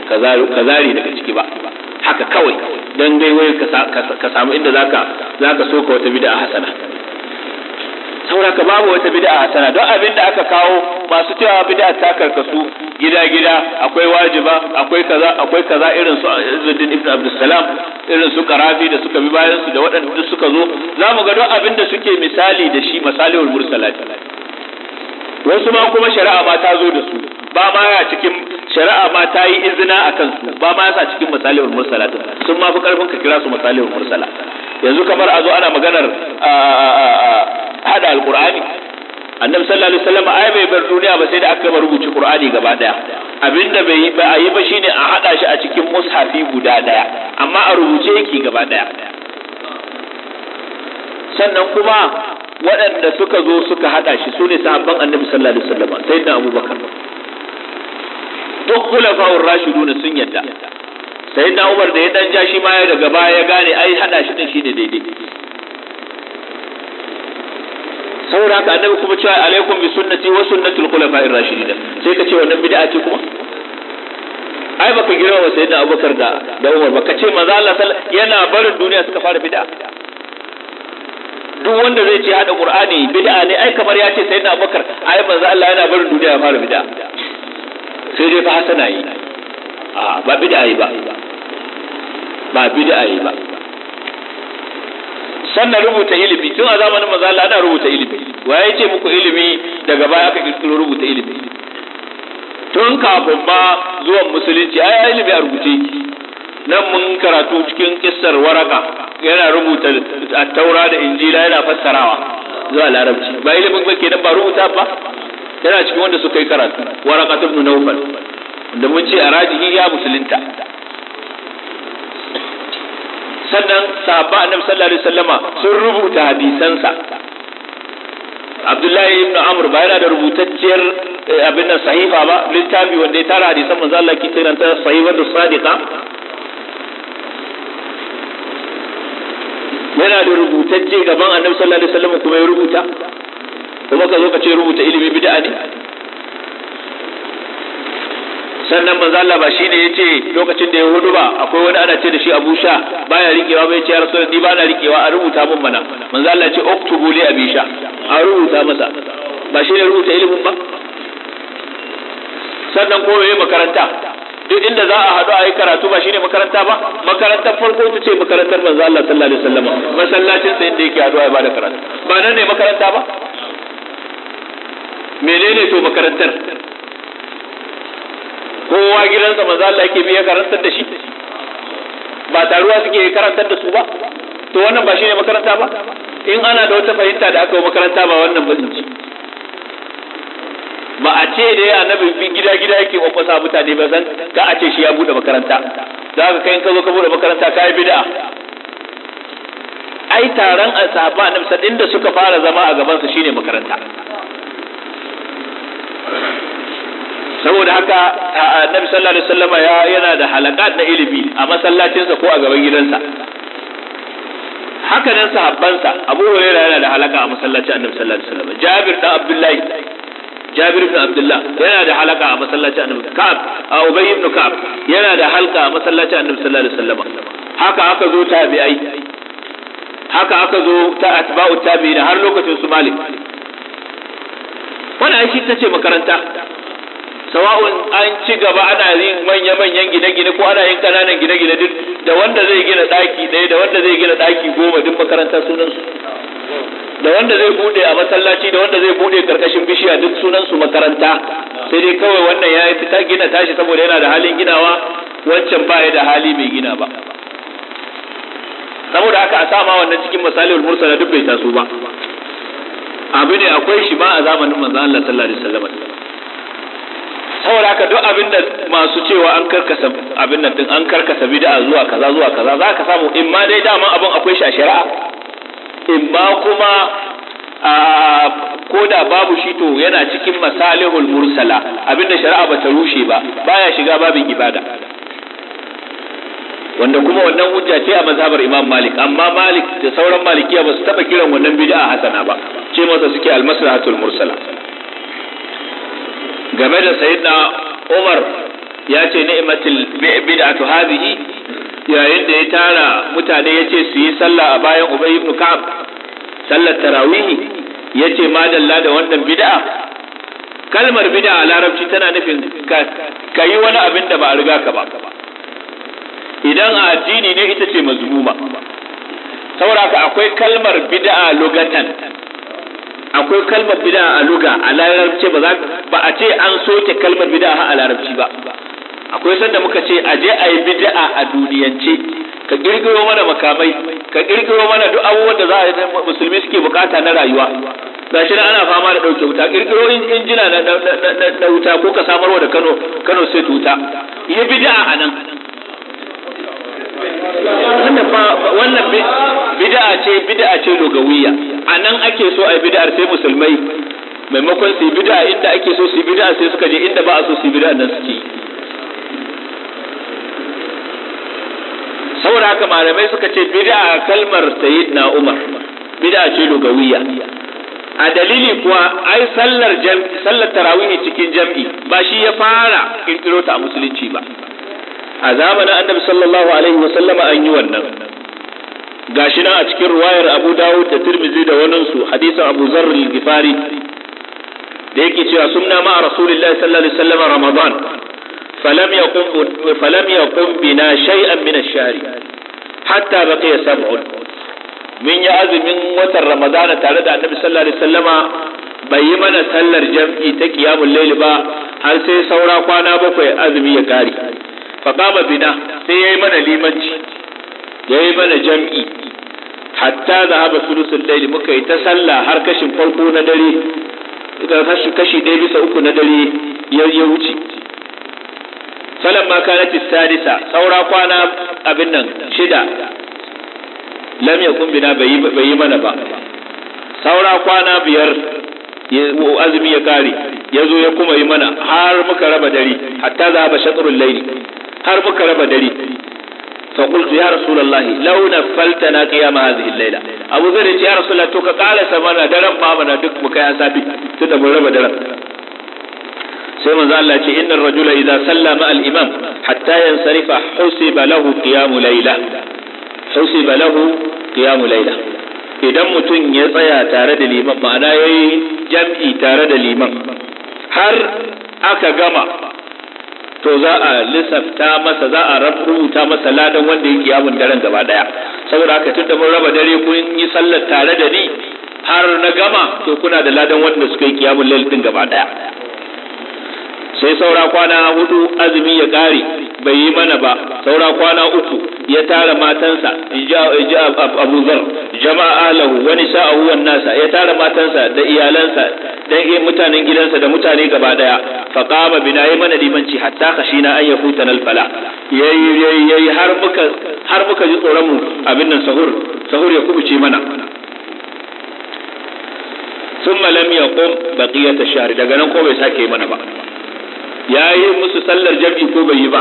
ka zari daga ciki ba haka kawai dan dai wai ka samu inda zaka zaka soka wata bid'a hasana saboda babu wata bid'a a sana don abin da aka kawo masu cewa bid'a ta karkasu gida gida akwai wajiba akwai kaza akwai kaza irin su abdul ibn Abdussalam irin su Qarafi da suka bi bayan su da waɗanda suka zo zamu ga don abin da suke misali da shi masalihul mursalat wasu ma kuma shari'a ma ta zo da su ba ma ya cikin shari'a ma ta yi izina a kansu ba ma yasa cikin masalihul mursala sun ma fi karfin ka kira su masalihul mursala yanzu kamar a zo ana maganar hada alqur'ani annabi sallallahu alaihi wasallam ai bai bar duniya ba sai da aka rubuci qur'ani gaba daya abinda bai yi ba a yi ba shine a hada shi a cikin mushafi guda daya amma a rubuce yake gaba daya sannan kuma waɗanda suka zo suka hada shi sune sahabban annabi sallallahu alaihi wasallam sayyidina abubakar duk khulafa'ur rashidun sun yadda sai na Umar da ya dan ja shi ma ya daga baya ya gane ai hada shi din shine daidai saboda haka annabi kuma cewa alaikum bi sunnati wa sunnatul khulafa'ir rashidin sai ka ce wannan bid'a ce kuma ai baka girma wa sayyidina Abubakar da da Umar ba ka ce manzo Allah yana barin duniya suka fara bid'a duk wanda zai ce hada Qur'ani bid'a ne ai kamar ya ce sayyidina Abubakar ai manzo Allah yana barin duniya ya fara bid'a sai dai fa na yi ba bid'a yi ba ba bid'a yi ba sannan rubuta ilimi tun a zamanin maza Allah ana rubuta ilimi wa ya ce muku ilimi daga baya aka kirkiro rubuta ilimi tun kafin ba zuwan musulunci ai ilimi a rubuce nan mun karatu cikin kissar waraka yana rubuta taura da injila yana fassarawa zuwa larabci ba ilimin ba ke nan ba rubuta ba yana cikin wanda suka yi karatu ta nuna nawfal da mun ce a rajihi ya musulunta sannan sahabba annabi sallallahu alaihi wasallama sun rubuta hadisansa Abdullahi ibn Amr ba yana da rubutacciyar eh, abin nan sahifa ba littafi wanda ya tara hadisan manzo Allah ki tana ta da sadiqa yana da rubutacce gaban annabi sallallahu alaihi wasallam kuma ya rubuta kuma ka zo ka ce rubuta ilimi bid'a ne sannan manzo Allah ba shine yace lokacin da ya hudu ba akwai wani ana ce da shi Abu Sha baya rikewa bai ce ya Rasul ni ba na rikewa a rubuta min mana manzo Allah ce uktubu li Abi Sha a rubuta masa ba shine rubuta ilimin ba sannan ko yayi makaranta duk inda za a haɗu a yi karatu ba shine makaranta ba makarantar farko ita ce makarantar manzo Allah sallallahu alaihi wasallam masallacin sa inda yake haɗuwa ba da karatu ba nan ne makaranta ba menene to makarantar kowa gidansa maza Allah yake biya karantar da shi ba taruwa suke karantar da su ba to wannan ba shi ne makaranta ba in ana da wata fahimta da aka yi makaranta ba wannan ba ci ba a ce dai annabi bin gida gida yake kwakwasa mutane ba zan ka a ce shi ya bude makaranta za ka kai ka zo ka bude makaranta ka yi bid'a ai taron sahaba annabi sadin da suka fara zama a gaban su shine makaranta saboda haka annabi sallallahu alaihi wasallam ya yana da halakat na ilimi a masallacinsa ko a gaban gidansa haka nan sahabbansa Abu Hurairah yana da halaka a masallacin annabi sallallahu alaihi wasallam Jabir da Abdullahi Jabir ibn Abdullah yana da halaka a masallacin annabi Ka'ab a Ubay ibn Ka'ab yana da halka a masallacin annabi sallallahu alaihi wasallam haka aka zo tabi'ai haka aka zo ta atba'u tabi'i har lokacin su Malik wannan shi tace makaranta sawa'un an ci gaba ana yin manya-manyan gine-gine ko ana yin ƙananan gine-gine duk da wanda zai gina ɗaki ɗaya da wanda zai gina ɗaki goma duk makarantar sunansu da wanda zai bude a masallaci da wanda zai bude karkashin bishiya duk sunansu makaranta sai dai kawai wannan ya yi ta gina tashi saboda yana da halin ginawa wancan ba ya da hali mai gina ba saboda haka a sama wannan cikin misalin mursala duk bai taso ba abu ne akwai shi ba a zamanin manzo Allah sallallahu alaihi wasallam saboda haka duk abin da masu cewa an karkasa abin nan din an karkasa bid'a zuwa kaza zuwa kaza za ka samu in ma dai dama abin akwai shi a in ma kuma ko da babu shi to yana cikin masalihul mursala abin da shari'a bata rushe ba baya shiga babin ibada wanda kuma wannan hujja ce a mazhabar Imam Malik amma Malik da sauran Malikiya ba su taba kiran wannan bid'a hasana ba ce masa suke al-maslahatul mursala game da sayyidina Umar ya ce ni'matul bid'atu hadhihi yayin da ya tara mutane ya ce su yi sallah a bayan Ubay ibn Ka'ab sallar tarawih ya ce ma dalla da wannan bid'a kalmar bid'a a larabci tana nufin ka yi wani abin da ba a riga ka ba idan a addini ne ita ce mazmuma saboda akwai kalmar bid'a lugatan akwai kalmar bid'a a luga a larabci ba ba a ce an soke kalmar bid'a a larabci ba akwai sanda muka ce a je a yi bid'a a duniyance ka girgiro mana makamai ka girgiro mana duk abubuwan da za a yi musulmi suke bukata na rayuwa gashi shi ana fama da ɗauke wuta ƙirƙiro injina na wuta ko ka wa da Kano Kano sai wuta yi bid'a a nan wannan bid'a ce bid'a ce dogawiya a nan ake so a bid'ar sai musulmai maimakon su yi bid'a inda ake so su yi bid'a sai suka je inda ba a so su yi bid'a nan suke saboda haka malamai suka ce bid'a kalmar sayyidina Umar bid'a ce lugawiyya a dalili kuwa ai sallar jam'i sallar tarawih cikin jam'i ba shi ya fara kirkiro ta a musulunci ba a zamanin annabi sallallahu alaihi wa sallama an yi wannan gashi nan a cikin ruwayar Abu Dawud da Tirmidhi da wannan su hadisin Abu Zarr al-Ghifari da yake cewa sunna ma Rasulullahi sallallahu alaihi wasallam Ramadan falam yaqum falam yaqum bina shay'an min ash shahr hatta baqiya sab'un min ya azumin watan Ramadan tare da Annabi sallallahu alaihi wasallama bai yi mana sallar jam'i ta qiyamul layl ba har sai saura kwana bakwai azumi ya kare fa qama bina sai yayi mana limanci ya yi mana jam'i hatta da haɓa sulusun laili muka yi ta sallah har kashin farko na dare idan kashi kashi ɗaya bisa uku na dare ya ya wuce salam ma kana tisadisa saura kwana abin nan shida lam yakun na bai yi mana ba saura kwana biyar azumi ya kare ya zo ya kuma yi mana har muka raba dare hatta za a ba shatrul laili har muka raba dare فقلت يا رسول الله لو نفلتنا قيام هذه الليلة أبو ذر يا رسول الله توك قال سمعنا درب مامنا دك مكايا سابي تتبو رب درب سيما زال الله إن الرجل إذا سلم الإمام حتى ينصرف حسب له قيام ليلة حسب له قيام ليلة idan mutum ya tsaya tare da liman ma'ana yayi jam'i tare da to za a lissafta masa za a rubuta masa ladan wanda yake yamun daren gaba daya saboda haka tunda mun raba dare kun yi sallar tare da ni har na gama to kuna da ladan wanda suka yi kiyamun lail gaba daya sai saura kwana hudu azumi ya kare bai yi mana ba saura kwana uku ya tara matansa ji abu zar jama'a lahu wani sa'ahu wan nasa ya tara matansa da iyalansa da mutanen gidansa da mutane gaba daya fa qama bina yi mana limanci hatta na an huta nal fala yayi yayi har muka har muka ji tsoron mu abin nan sahur sahur ya kubuce mana ثم لم يقم بقية الشهر daga nan ko bai sake mana ba ya yi musu sallar jam'i ko bai yi ba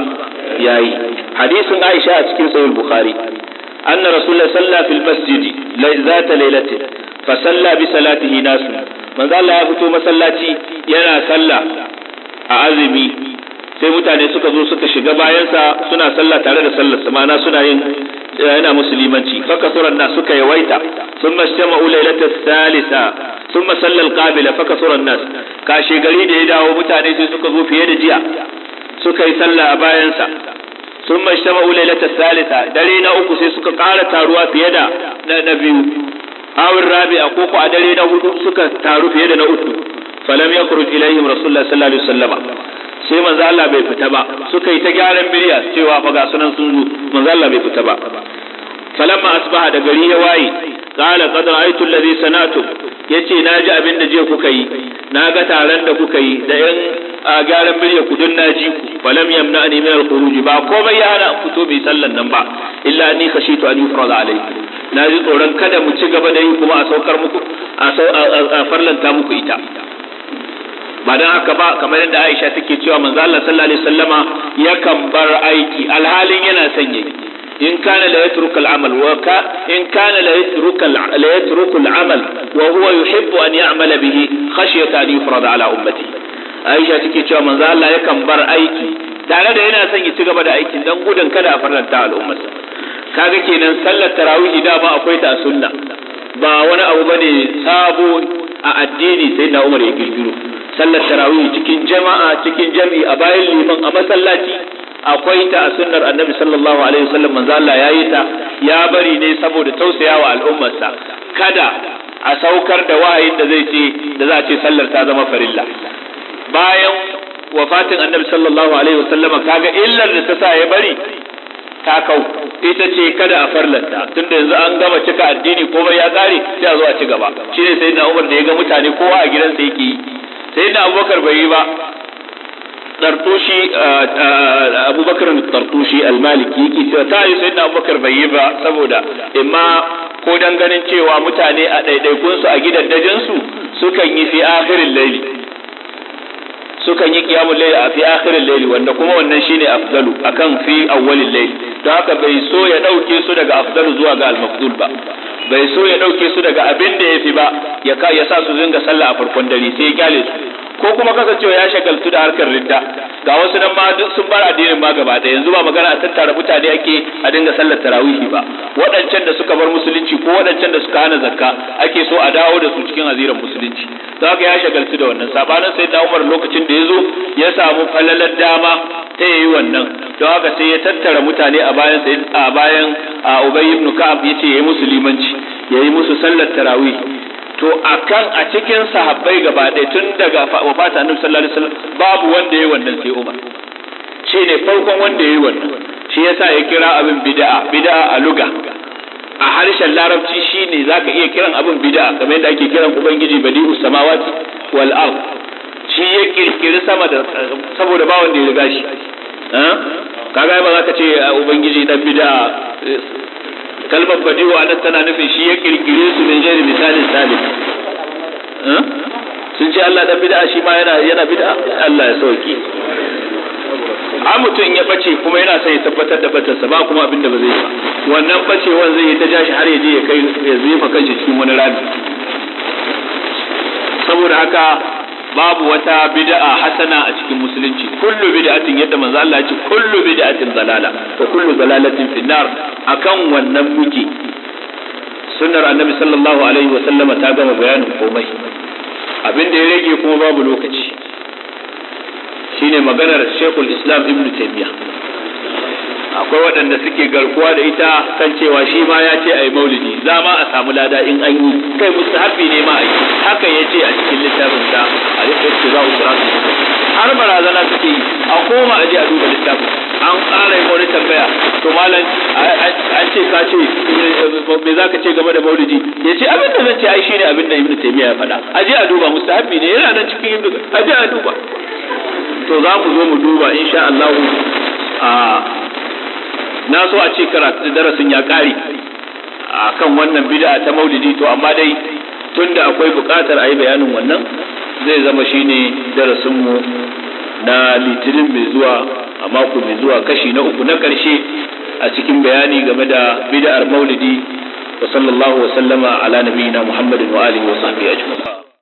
ya yi hadisin aisha a cikin sahih bukhari anna rasulullah salla fil masjidi zata lailatin fa salla bi salatihi nasu manzo Allah ya fito masallaci yana sallah a azumi sai mutane suka zo suka shiga bayansa suna sallah tare da sallar samana suna yin yana musulmanci fa suran nas suka yawaita sun mashtama lailata salisa sun sallal qabila fa suran nas kashi gari da ya dawo mutane sai suka zo fiye da jiya suka yi sallah a bayansa sun mashtama lailata salisa dare na uku sai suka kara taruwa fiye da na biyu awin rabi'a ko ko a dare na hudu suka taru fiye da na uku falam yakhruj ilaihim rasulullah sallallahu alaihi wasallama sai manzo Allah bai fita ba suka yi ta gyaran biriya cewa fa ga sunan sun zo manzo Allah bai fita ba falamma asbaha da gari ya waye qala qad ra'aytu alladhi sanatu yace na ji abin da jiya kuka yi na ga taron da kuka yi da yan a gyaran birya ku dun na ji ku falam yamna ani min al ba komai ya hana fito bi sallan nan ba illa ni khashitu an yufrad alayhi na ji tsoron kada mu ci gaba da yi kuma a saukar muku a farlanta muku ita ba don haka ba kamar yadda Aisha take cewa manzo Allah sallallahu alaihi wasallama yakan bar aiki alhalin yana son yi in kana la yatruku al-amal wa ka in kana la yatruku la yatruku al-amal wa huwa yuhibbu an ya'mala bihi khashyata an yufrada ala ummati Aisha take cewa manzo Allah yakan bar aiki tare da yana son ya ci gaba da aikin dan gudun kada a faranta al'ummarsa kaga kenan sallar tarawih ba akwai ta sunna ba wani abu bane sabo a addini sai na Umar ya girgiro sallar tarawih cikin jama'a cikin jami'i a bayan liman a masallaci akwai ta a sunnar annabi sallallahu alaihi wasallam manzo Allah yayi ta ya bari ne saboda tausayawa al'ummarsa kada a saukar da wahayin da zai ce da za a ce sallar ta zama farilla bayan wafatin annabi sallallahu alaihi wasallama kaga illar da ta sa ya bari ta kau ita ce kada a farlanta tunda yanzu an gama cika addini ko bai ya kare sai a zo a ci gaba shi ne sai na umar da ya ga mutane kowa a gidansa yake yi sai na abubakar bai yi ba tartushi abubakar tartushi almaliki yake cewa ta sai na abubakar bai yi ba saboda imma ko dan ganin cewa mutane a ɗaiɗaikunsu a gidan su sukan yi fi akhirin laili sukan yi kiyamun layl a fi akhiril layl wanda kuma wannan shine afdalu akan fi awwalin layl To haka bai so ya dauke su daga afdalu zuwa ga al-mafdul ba bai so ya dauke su daga abin da yafi ba ya ya sa su zinga sallah a farkon dare sai ya kyale su ko kuma kasancewa ya shagaltu da harkar ridda ga wasu nan ma duk sun bar addinin ma gaba ɗaya yanzu ba magana a tattara mutane ake a dinga sallar tarawihi ba waɗancan da suka bar musulunci ko waɗancan da suka hana zakka ake so a dawo da su cikin aziran musulunci don haka ya shagaltu da wannan sabanin sai da Umar lokacin da ya zo ya samu falalar dama ta yi wannan don haka sai ya tattara mutane a bayan a bayan Ubay ibn Ka'ab yace yayi musulmanci yayi musu sallar tarawih to akan a cikin sahabbai gaba ɗaya tun daga wafata annabi sallallahu alaihi wasallam babu wanda yayi wannan sai Umar shine farkon wanda yayi wannan shi yasa ya kira abin bid'a bid'a a luga a harshen larabci shine zaka iya kiran abin bid'a kamar yadda ake kiran ubangiji badi'us samawati wal ard shi ya kirkiri sama da saboda ba wanda ya riga shi eh? kaga ba za ka ce ah, ubangiji dan bid'a eh, kalmar badi'u anan tana nufin shi ya kirkire su min jari misalin salim sun ce Allah dan bid'a shi ma yana yana bid'a Allah ya sauki a mutum ya bace kuma yana son ya tabbatar da batarsa ba kuma abin da ba zai ba wannan bacewan zai yi ta jashi har ya je ya kai ya fa kanshi cikin wani rami saboda haka babu wata bid'a hasana a cikin musulunci kullu bid'atin yadda manzo Allah ya ce kullu bid'atin dalala wa kullu dalalatin finnar akan wannan muke sunnar annabi sallallahu alaihi wa sallama ta gama bayanin komai abin da ya rage kuma babu lokaci shine maganar Sheikhul Islam Ibn Taymiyyah akwai waɗanda suke garkuwa da ita kan cewa shi ma ya ce a yi maulidi za ma a samu lada in an yi kai mustahabi ne ma a yi haka ya ce a cikin littafin sa a littafin za a har barazana suke yi a koma a je a duba littafin an ƙara yi wani tambaya to malam an ce ka ce me za ka ce game da maulidi ya ce abin da zan ce ai shi ne abin da ibnu taymiya ya faɗa a je a duba mustahabi ne yana nan cikin ibnu a je a duba to za ku zo mu duba insha Allah a na so a ce karatu darasin ya kare a kan wannan bid'a ta maulidi to amma dai tunda akwai bukatar a yi bayanin wannan zai zama shine darasin mu na litinin mai zuwa a mako mai zuwa kashi na uku na karshe a cikin bayani game da bid'ar maulidi wa sallallahu wa sallama ala nabiyina muhammadin wa alihi wa sahbihi ajma'in